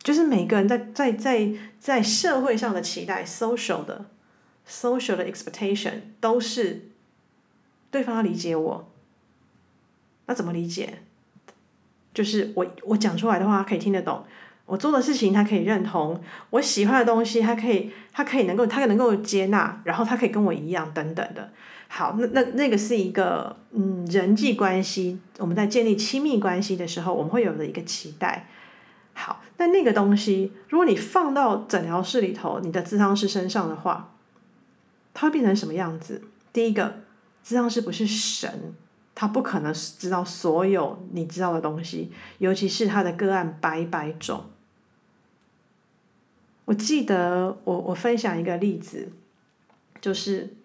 就是每個人在在在在社會上的期待，social 的，social 的 expectation 都是對方要理解我。那怎麼理解？就是我我講出來的話，他可以聽得懂；我做的事情，他可以認同；我喜歡的東西他，他可以他可以能夠他能夠接納，然後他可以跟我一樣等等的。好，那那那個是一個嗯人際關係，我們在建立親密關係的時候，我們會有的一個期待。好。但那個東西，如果你放到診療室裡頭，你的諮商師身上的話，它會變成什麼樣子？第一個，諮商師不是神，他不可能知道所有你知道的東西，尤其是他的個案百百種。我記得我我分享一個例子，就是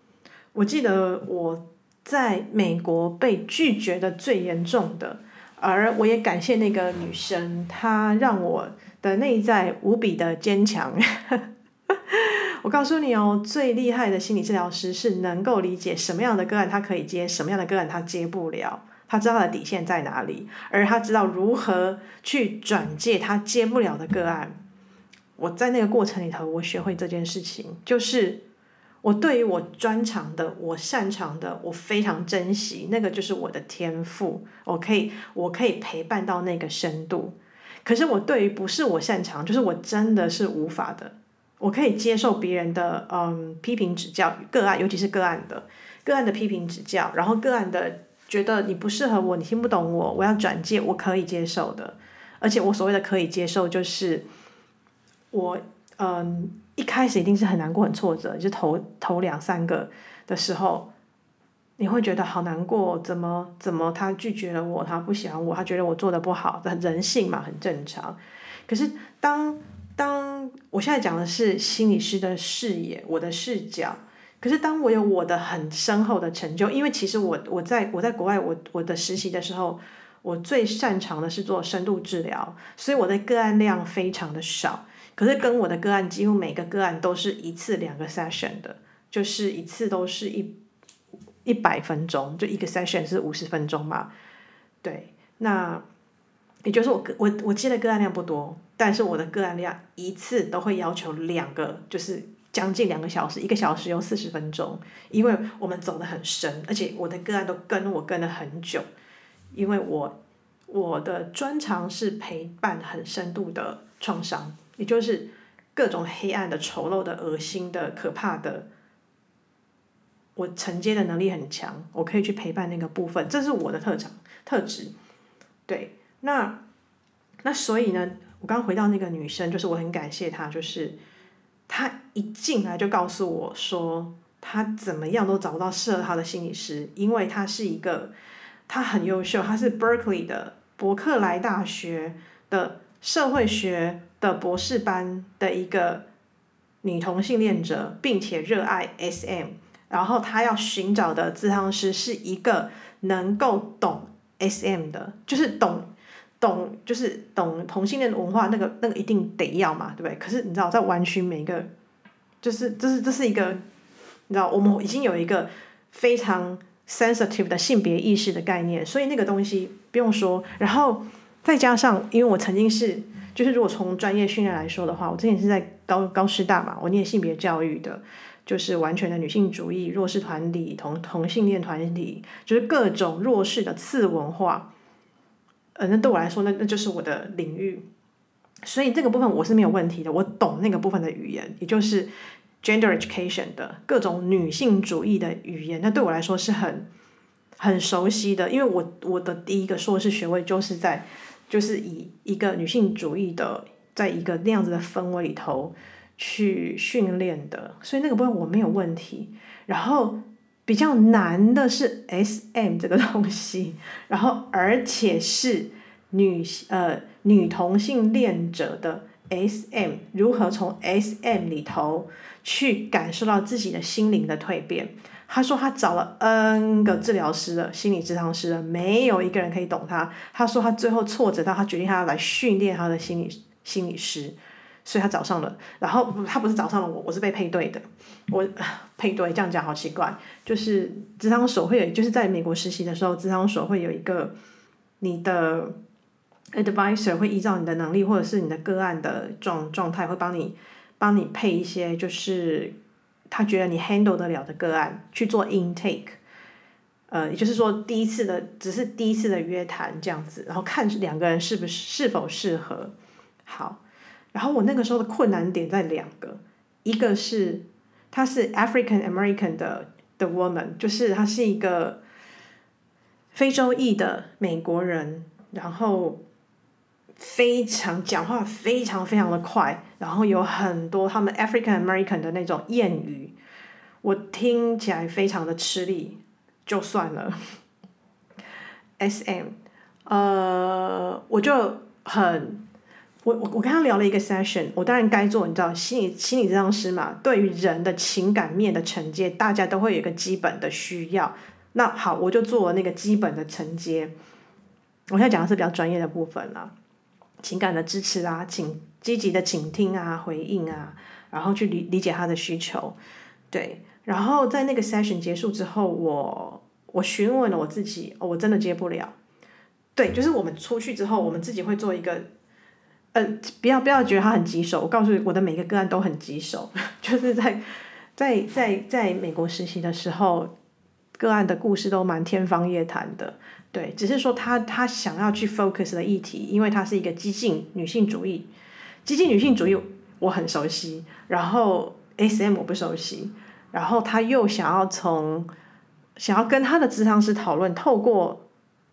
我記得我在美國被拒絕的最嚴重的，而我也感謝那個女生，她讓我。的內在無比的堅強。我告訴你哦，最厲害的心理治療師是能夠理解什麼樣的個案他可以接，什麼樣的個案他接不了。他知道他的底線在哪裡，而他知道如何去轉介他接不了的個案。我在那個過程裡頭，我學會這件事情，就是我對於我專長的、我擅長的，我非常珍惜那個，就是我的天賦。我可以，我可以陪伴到那個深度。可是我對於不是我擅長，就是我真的是無法的。我可以接受別人的嗯批評指教，個案，尤其是個案的個案的批評指教，然後個案的覺得你不適合我，你聽不懂我，我要轉介，我可以接受的。而且我所謂的可以接受，就是我嗯一開始一定是很難過、很挫折，就是、頭頭兩三個的時候。你會覺得好難過，怎麼怎麼他拒絕了我，他不喜歡我，他覺得我做的不好，的人性嘛，很正常。可是當當我現在講的是心理師的視野，我的視角，可是當我有我的很深厚的成就，因為其實我我在我在國外我，我我的實習的時候，我最擅長的是做深度治療，所以我的個案量非常的少，可是跟我的個案幾乎每個個案都是一次兩個 session 的，就是一次都是一。一百分鐘，就一個 session 是五十分鐘嘛？對，那也就是我個我我記得個案量不多，但是我的個案量一次都會要求兩個，就是將近兩個小時，一個小時用四十分鐘，因為我們走得很深，而且我的個案都跟我跟了很久，因為我我的專長是陪伴很深度的創傷，也就是各種黑暗的、醜陋的、噁心的、可怕的。我承接的能力很強，我可以去陪伴那個部分，這是我的特長特質。對，那那所以呢，我剛回到那個女生，就是我很感謝她，就是她一進來就告訴我說，她怎麼樣都找不到適合她的心理師，因為她是一個她很優秀，她是 Berkeley 的伯克萊大學的社會學的博士班的一個女同性戀者，並且熱愛 SM。然後他要尋找的諮商師是一個能夠懂 S M 的，就是懂懂就是懂同性戀文化那個那個一定得要嘛，對不對？可是你知道在完全每一個，就是就是這、就是一個，你知道我們已經有一個非常 sensitive 的性別意識的概念，所以那個東西不用說。然後再加上，因為我曾經是就是如果從專業訓練來說的話，我之前是在高高師大嘛，我念性別教育的。就是完全的女性主義、弱勢團體、同同性戀團體，就是各種弱勢的次文化。呃，那對我來說，那那就是我的領域。所以這個部分我是沒有問題的，我懂那個部分的語言，也就是 gender education 的各種女性主義的語言。那對我來說是很很熟悉的，因為我我的第一個碩士學位就是在就是以一個女性主義的，在一個那樣子的氛圍裡頭。去訓練的，所以那個部分我沒有問題。然後比較難的是 S M 這個東西，然後而且是女呃女同性戀者的 S M，如何從 S M 裡頭去感受到自己的心靈的蛻變。他說他找了 N 個治療師的心理治療師的，沒有一個人可以懂他。他說他最後挫折到他決定他要來訓練他的心理心理師。所以他找上了，然後他不是找上了我，我是被配對的。我配對這樣講好奇怪，就是諮商所會有，就是在美國實習的時候，諮商所會有一個你的 advisor 會依照你的能力或者是你的個案的狀狀態，會幫你幫你配一些，就是他覺得你 handle 得了的個案去做 intake。呃，也就是說第一次的只是第一次的約談這樣子，然後看兩個人是不是是否適合，好。然後我那個時候的困難點在兩個，一個是她是 African American 的的 woman，就是她是一個非洲裔的美國人，然後非常講話非常非常的快，然後有很多他們 African American 的那種諺語，我聽起來非常的吃力，就算了。SM，呃，我就很。我我我跟他聊了一個 session，我當然該做，你知道心理心理諮商師嘛，對於人的情感面的承接，大家都會有一個基本的需要。那好，我就做了那個基本的承接。我現在講的是比較專業的部分了，啊，情感的支持啊，請積極的傾聽啊，回應啊，然後去理理解他的需求。對，然後在那個 session 結束之後，我我詢問了我自己，哦，我真的接不了。對，就是我們出去之後，我們自己會做一個。呃，不要不要覺得他很棘手。我告訴你，我的每個個案都很棘手。就是在在在在美國實習的時候，個案的故事都蠻天方夜譚的。對，只是說他他想要去 focus 的議題，因為他是一個激進女性主義，激進女性主義我很熟悉，然後 SM 我不熟悉，然後他又想要從想要跟他的諮商師討論，透過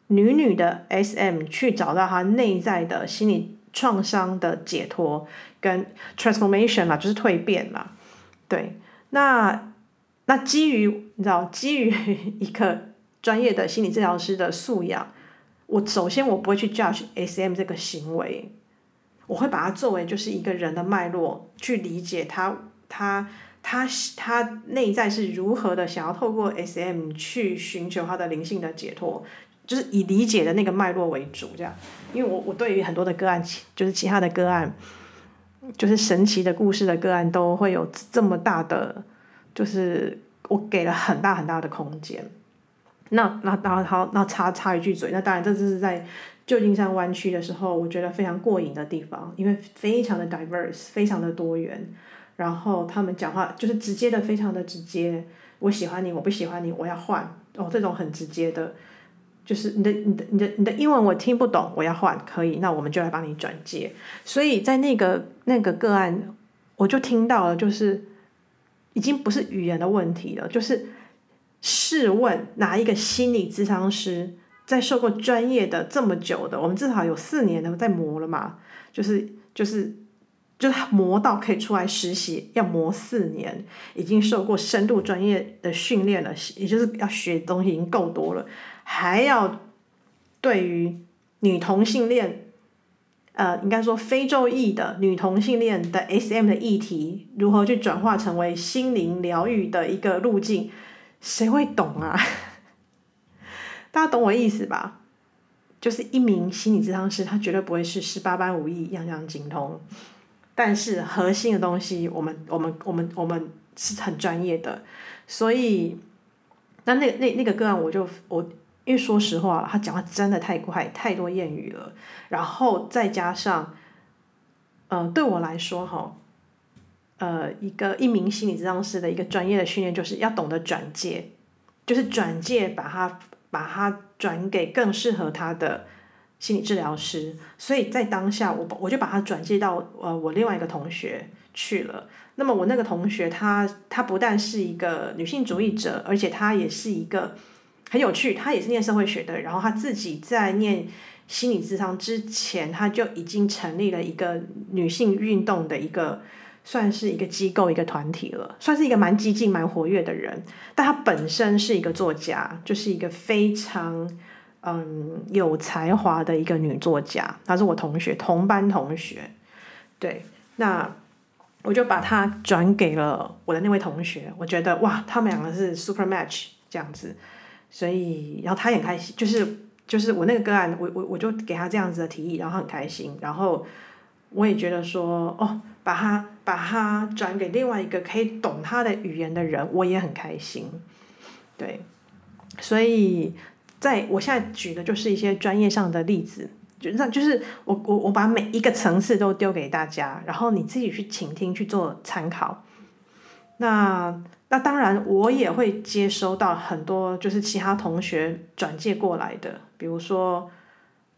女女的 SM 去找到他內在的心理。創傷的解脫跟 transformation 嘛，就是蛻變嘛，對。那那基於你知道，基於一個專業的心理治療師的素養，我首先我不會去 judge SM 這個行為，我會把它作為就是一個人的脈絡去理解他他他他內在是如何的想要透過 SM 去尋求他的靈性的解脫，就是以理解的那個脈絡為主這樣。因為我我對於很多的個案，其就是其他的個案，就是神奇的故事的個案，都會有這麼大的，就是我給了很大很大的空間。那那然後，好，那插插一句嘴，那當然這只是在舊金山灣區的時候，我覺得非常過癮的地方，因為非常的 diverse，非常的多元。然後他們講話就是直接的，非常的直接。我喜歡你，我不喜歡你，我要換哦，這種很直接的。就是你的、你的、你的、你的英文我聽不懂，我要換可以？那我們就來幫你轉接。所以在那個那個個案，我就聽到了，就是已經不是語言的問題了。就是試問，哪一個心理諮商師在受過專業的這麼久的，我們至少有四年的在磨了嘛，就是就是就是磨到可以出來實習，要磨四年，已經受過深度專業的訓練了，也就是要學東西已經夠多了。還要對於女同性戀，呃，應該說非洲裔的女同性戀的 SM 的議題，如何去轉化成為心靈療癒的一個路徑？誰會懂啊？大家懂我意思吧？就是一名心理治療師，他絕對不會是十八般武藝樣樣精通，但是核心的東西，我們我們我們我們，我們是很專業的，所以那那那那個個案，我就，我就我。因為說實話，他講話真的太快，太多諺語了。然後再加上，呃，對我來說哈，呃，一個一名心理治療師的一個專業的訓練，就是要懂得轉介，就是轉介把他把他轉給更適合他的心理治療師。所以在當下，我我就把他轉介到呃我另外一個同學去了。那麼我那個同學他他不但是一個女性主義者，而且他也是一個。很有趣，他也是念社會學的，然後他自己在念心理諮商之前，他就已經成立了一個女性運動的一個，算是一個機構，一個團體了，算是一個蠻激進、蠻活躍的人。但他本身是一個作家，就是一個非常嗯有才華的一個女作家。他是我同學，同班同學。對，那我就把他轉給了我的那位同學，我覺得哇，他們兩個是 super match 這樣子。所以，然後他也很開心，就是就是我那個個案，我我我就給他這樣子的提議，然後很開心。然後我也覺得說，哦，把他把他轉給另外一個可以懂他的語言的人，我也很開心。對，所以在我現在舉的就是一些專業上的例子，就讓就是我我我把每一個層次都丟給大家，然後你自己去傾聽去做參考。那。那當然，我也會接收到很多，就是其他同學轉介過來的。比如說，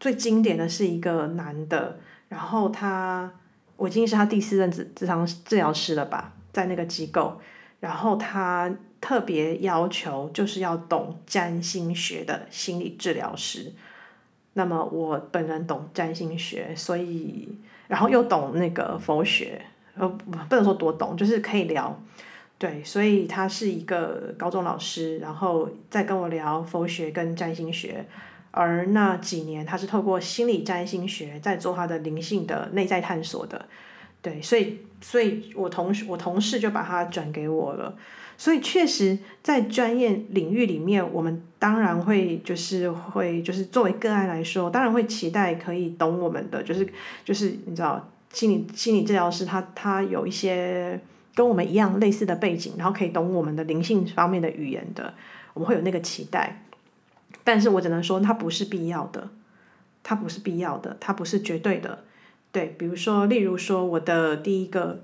最經典的是一個男的，然後他，我已經是他第四任治場治、治療師了吧，在那個機構。然後他特別要求就是要懂占星學的心理治療師。那麼我本人懂占星學，所以然後又懂那個佛學，呃，不能說多懂，就是可以聊。對，所以他是一個高中老師，然後在跟我聊佛學跟占星學，而那幾年他是透過心理占星學在做他的靈性的內在探索的。對，所以，所以我同學，我同事就把他轉給我了。所以確實在專業領域裡面，我們當然會就是會就是作為個案來說，當然會期待可以懂我們的，就是就是你知道，心理心理治療師他他有一些，跟我們一樣類似的背景，然後可以懂我們的靈性方面的語言的，我們會有那個期待。但是我只能說，它不是必要的，它不是必要的，它不是絕對的。對，比如說，例如說，我的第一個，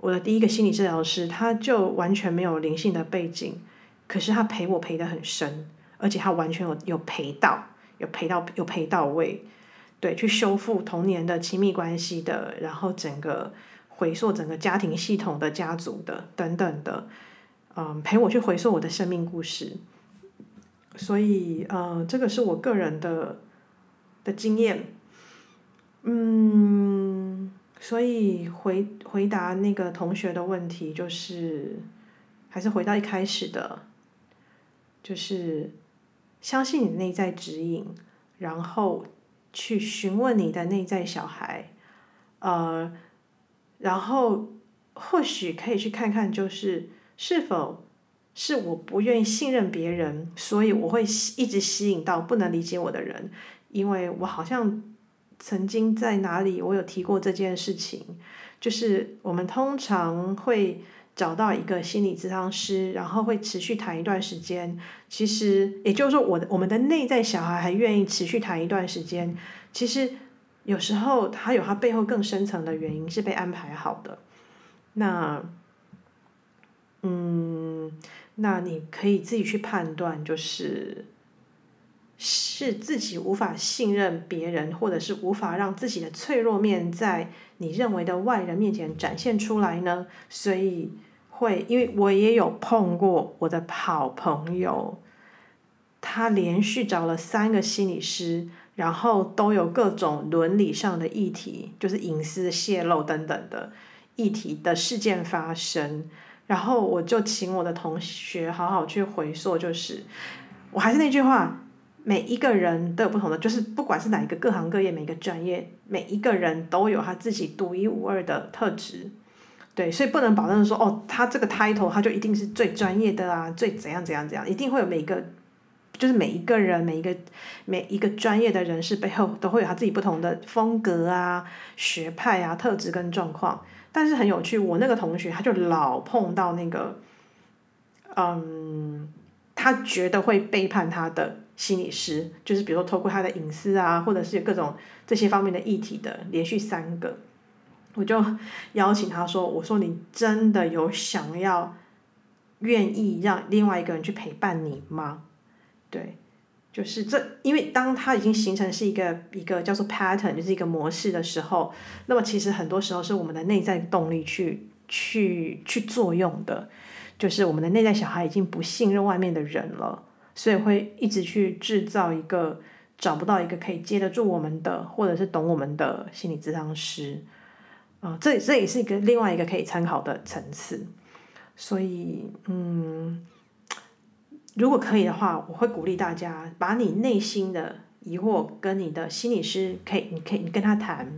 我的第一個心理治療師，他就完全沒有靈性的背景，可是他陪我陪得很深，而且他完全有有陪到，有陪到，有陪到位，對，去修復童年的親密關係的，然後整個。回溯整個家庭系統的家族的等等的，嗯、呃，陪我去回溯我的生命故事，所以呃，這個是我個人的的經驗。嗯，所以回回答那個同學的問題，就是還是回到一開始的，就是相信你的內在指引，然後去詢問你的內在小孩，呃。然後或許可以去看看，就是是否是我不願意信任別人，所以我會吸一直吸引到不能理解我的人，因為我好像曾經在哪裡我有提過這件事情，就是我們通常會找到一個心理諮商師，然後會持續談一段時間，其實也就是說我的我們的內在小孩還願意持續談一段時間，其實。有時候他有他背後更深層的原因是被安排好的，那，嗯，那你可以自己去判斷，就是，是自己無法信任別人，或者是無法讓自己的脆弱面在你認為的外人面前展現出來呢？所以會，因為我也有碰過我的好朋友，他連續找了三個心理師。然後都有各種倫理上的議題，就是隱私洩露等等的議題的事件發生。然後我就請我的同學好好去回溯，就是我還是那句話，每一個人都有不同的，就是不管是哪一個各行各業，每一個專業，每一個人都有他自己獨一無二的特質，對，所以不能保證說哦，他這個 title 他就一定是最專業的啊，最怎樣怎樣怎樣，一定會有每一個。就是每一個人，每一個每一個專業的人士背後，都會有他自己不同的風格啊、學派啊、特質跟狀況。但是很有趣，我那個同學他就老碰到那個，嗯，他覺得會背叛他的心理師，就是比如說偷窺他的隱私啊，或者是各種這些方面的議題的，連續三個，我就邀請他說：“我說你真的有想要願意讓另外一個人去陪伴你嗎？”對，就是這，因為當它已經形成是一個一個叫做 pattern，就是一個模式的時候，那麼其實很多時候是我們的內在動力去去去作用的，就是我們的內在小孩已經不信任外面的人了，所以會一直去制造一個找不到一個可以接得住我們的，或者是懂我們的心理諮商師。啊、呃，這這也是一個另外一個可以參考的層次，所以嗯。如果可以的話，我會鼓勵大家把你內心的疑惑跟你的心理師可以，你可以你跟他談，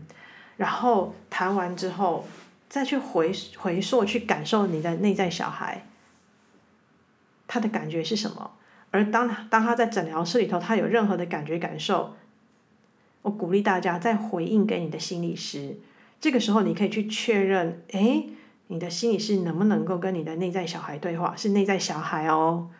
然後談完之後再去回回溯，去感受你的內在小孩，他的感覺是什麼？而當他當他在診療室裡頭，他有任何的感覺感受，我鼓勵大家再回應給你的心理師。這個時候你可以去確認，哎，你的心理師能不能夠跟你的內在小孩對話？是內在小孩哦。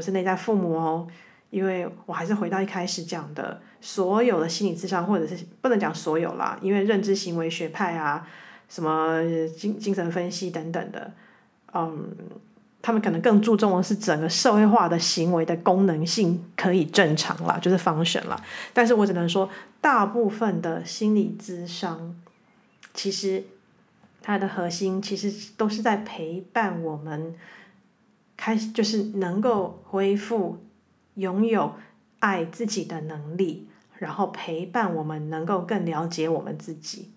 我是內在父母哦，因為我還是回到一開始講的，所有的心理諮商或者是不能講所有啦，因為認知行為學派啊，什麼精精神分析等等的，嗯，他們可能更注重的是整個社會化的行為的功能性可以正常了，就是 function 了。但是我只能說，大部分的心理諮商，其實它的核心其實都是在陪伴我們。開始就是能夠恢復，擁有愛自己的能力，然後陪伴我們，能夠更了解我們自己。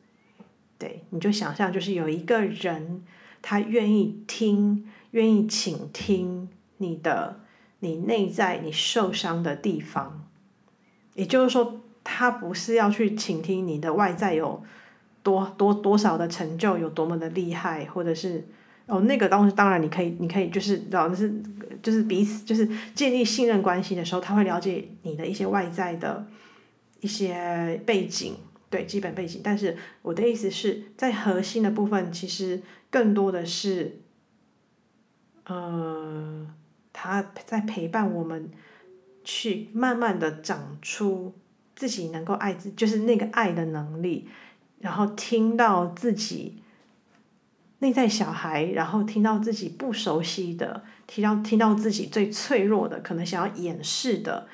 對，你就想象就是有一個人，他願意聽，願意傾聽你的，你內在你受傷的地方。也就是說，他不是要去傾聽你的外在有多多多少的成就，有多麼的厲害，或者是。哦，那個當時當然你可以，你可以就是，老是、就是就是彼此就是建立信任關係的時候，他會了解你的一些外在的一些背景，對，基本背景。但是我的意思是，在核心的部分，其實更多的是，嗯、呃、他在陪伴我們去慢慢的長出自己能夠愛自，就是那個愛的能力，然後聽到自己。內在小孩，然後聽到自己不熟悉的，聽到聽到自己最脆弱的，可能想要掩飾的，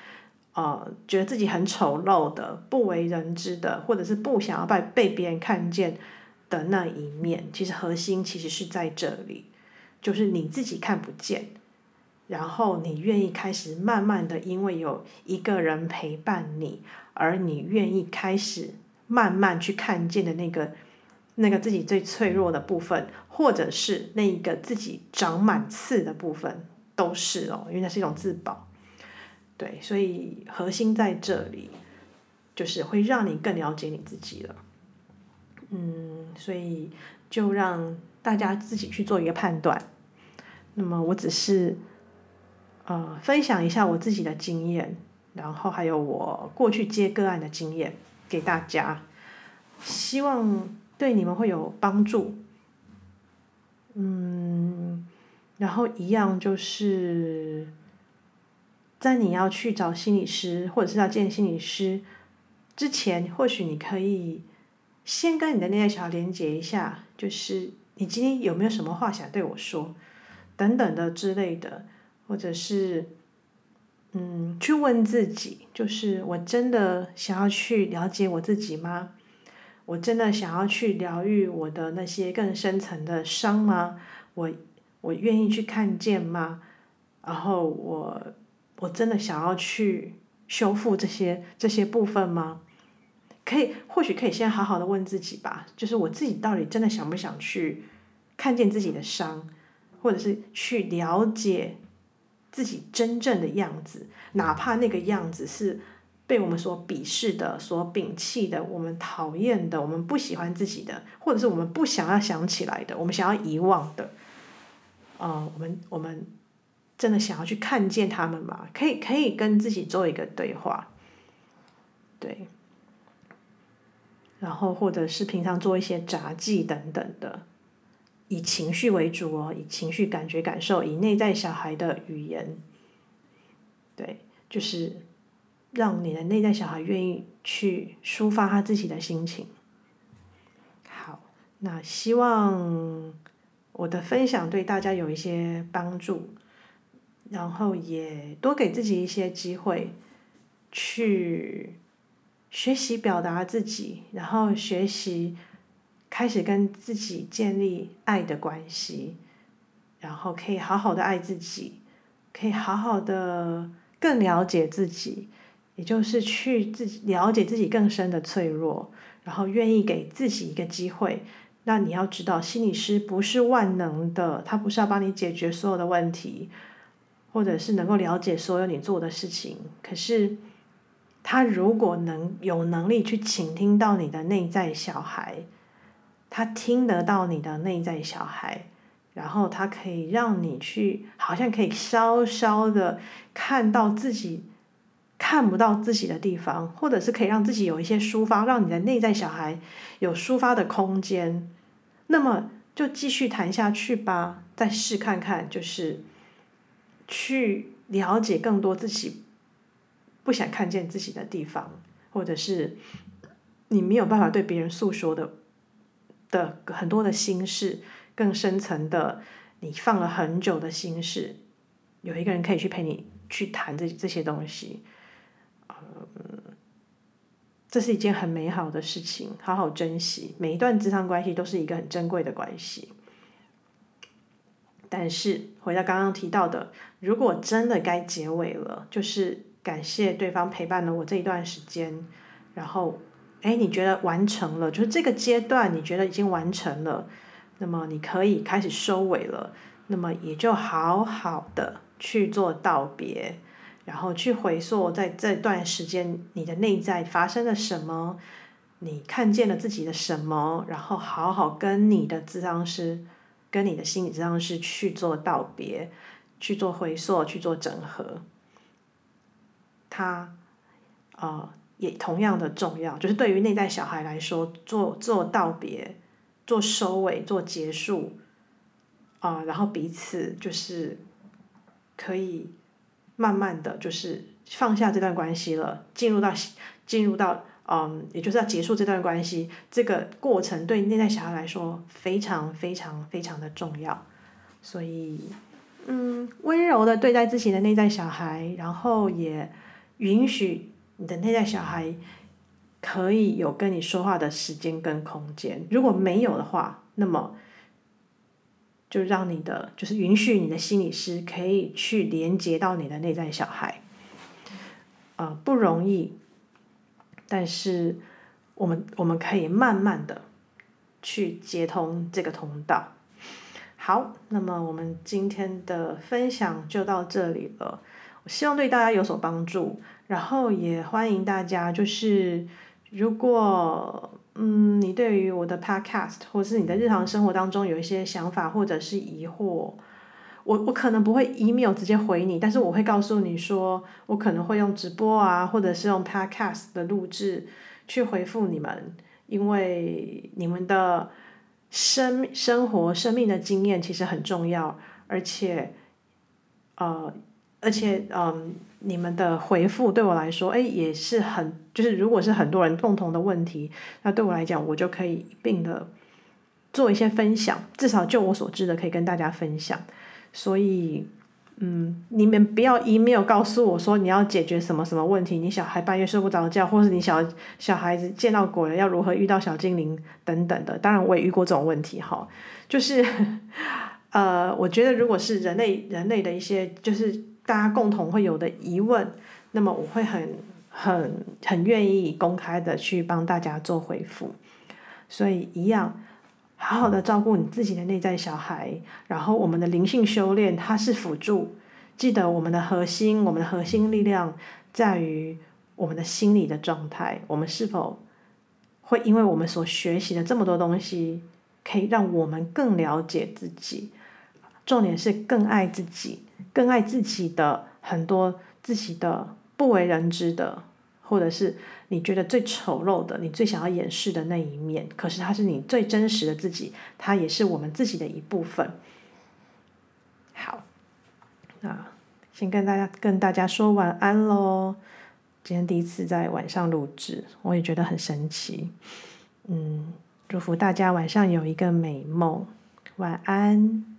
呃，覺得自己很醜陋的，不為人知的，或者是不想要被被別人看見的那一面，其實核心其實是在這裡，就是你自己看不見，然後你願意開始慢慢的，因為有一個人陪伴你，而你願意開始慢慢去看見的那個。那個自己最脆弱的部分，或者是那一個自己長滿刺的部分，都是哦，因為那是一種自保。對，所以核心在這裡，就是會讓你更了解你自己了。嗯，所以就讓大家自己去做一個判斷。那麼我只是，呃，分享一下我自己的經驗，然後還有我過去接個案的經驗給大家，希望。對你們會有幫助，嗯，然後一樣就是在你要去找心理師或者是要見心理師之前，或許你可以先跟你的內在小孩連接一下，就是你今天有沒有什麼話想對我說，等等的之類的，或者是嗯，去問自己，就是我真的想要去了解我自己嗎？我真的想要去療癒我的那些更深層的傷嗎？我，我願意去看見嗎？然後我，我真的想要去修復這些這些部分嗎？可以，或許可以先好好的問自己吧，就是我自己到底真的想不想去看見自己的傷，或者是去了解自己真正的樣子，哪怕那個樣子是，被我們所鄙視的、所摒棄的、我們討厭的、我們不喜歡自己的，或者是我們不想要想起來的、我們想要遺忘的，呃，我們我們真的想要去看見他們嗎？可以，可以跟自己做一個對話，對。然後，或者是平常做一些雜技等等的，以情緒為主哦，以情緒、感覺、感受，以內在小孩的語言，對，就是。讓你的內在小孩願意去抒發他自己的心情。好，那希望我的分享對大家有一些幫助，然後也多給自己一些機會去學習表達自己，然後學習開始跟自己建立愛的關係，然後可以好好的愛自己，可以好好的更了解自己。也就是去自己了解自己更深的脆弱，然後願意給自己一個機會。那你要知道，心理師不是萬能的，他不是要幫你解決所有的問題，或者是能夠了解所有你做的事情。可是，他如果能有能力去傾聽到你的內在小孩，他聽得到你的內在小孩，然後他可以讓你去，好像可以稍稍的看到自己。看不到自己的地方，或者是可以讓自己有一些抒發，讓你的內在小孩有抒發的空間，那麼就繼續談下去吧。再試看看，就是去了解更多自己不想看見自己的地方，或者是你沒有辦法對別人訴說的的很多的心事，更深層的你放了很久的心事，有一個人可以去陪你去談這這些東西。這是一件很美好的事情，好好珍惜。每一段諮商關係都是一個很珍貴的關係。但是回到剛剛提到的，如果真的該結尾了，就是感謝對方陪伴了我這一段時間，然後，哎，你覺得完成了，就是這個階段你覺得已經完成了，那麼你可以開始收尾了，那麼也就好好的去做道別。然後去回溯在這段時間你的內在發生了什麼，你看見了自己的什麼，然後好好跟你的諮商師、跟你的心理治療師去做道別，去做回溯，去做整合。他、呃、也同樣的重要，就是對於內在小孩來說，做做道別、做收尾、做結束，啊、呃，然後彼此就是可以。慢慢的就是放下這段關係了，進入到進入到嗯，也就是要結束這段關係。這個過程對內在小孩來說非常非常非常的重要，所以嗯，溫柔的對待自己的內在小孩，然後也允許你的內在小孩可以有跟你說話的時間跟空間。如果沒有的話，那麼。就讓你的，就是允許你的心理師可以去連接到你的內在小孩。呃，不容易，但是我們我們可以慢慢的去接通這個通道。好，那麼我們今天的分享就到這裡了。我希望對大家有所幫助，然後也歡迎大家就是如果。嗯，你對於我的 podcast 或是你的日常生活當中有一些想法或者是疑惑，我我可能不會 email 直接回你，但是我會告訴你說，我可能會用直播啊，或者是用 podcast 的錄制去回復你們，因為你們的生生活生命的經驗其實很重要，而且，呃，而且嗯。呃你們的回復對我來說，哎、欸，也是很，就是如果是很多人共同的問題，那對我來講，我就可以一併的做一些分享，至少就我所知的，可以跟大家分享。所以，嗯，你們不要 email 告訴我說你要解決什麼什麼問題，你小孩半夜睡不着覺，或是你小小孩子見到鬼了要如何遇到小精靈等等的。當然，我也遇過這種問題哈，就是，呃，我覺得如果是人類人類的一些，就是。大家共同會有的疑問，那麼我會很很很願意公開的去幫大家做回覆所以一樣，好好的照顧你自己的內在小孩，然後我們的靈性修煉它是輔助。記得我們的核心，我們的核心力量在於我們的心理的狀態，我們是否會因為我們所學習的這麼多東西，可以讓我們更了解自己，重點是更愛自己，更愛自己的很多、自己的不為人知的，或者是你覺得最醜陋的、你最想要掩飾的那一面，可是它是你最真實的自己，它也是我們自己的一部分。好，那先跟大家跟大家說晚安嘍！今天第一次在晚上錄制，我也覺得很神奇。嗯，祝福大家晚上有一個美夢，晚安。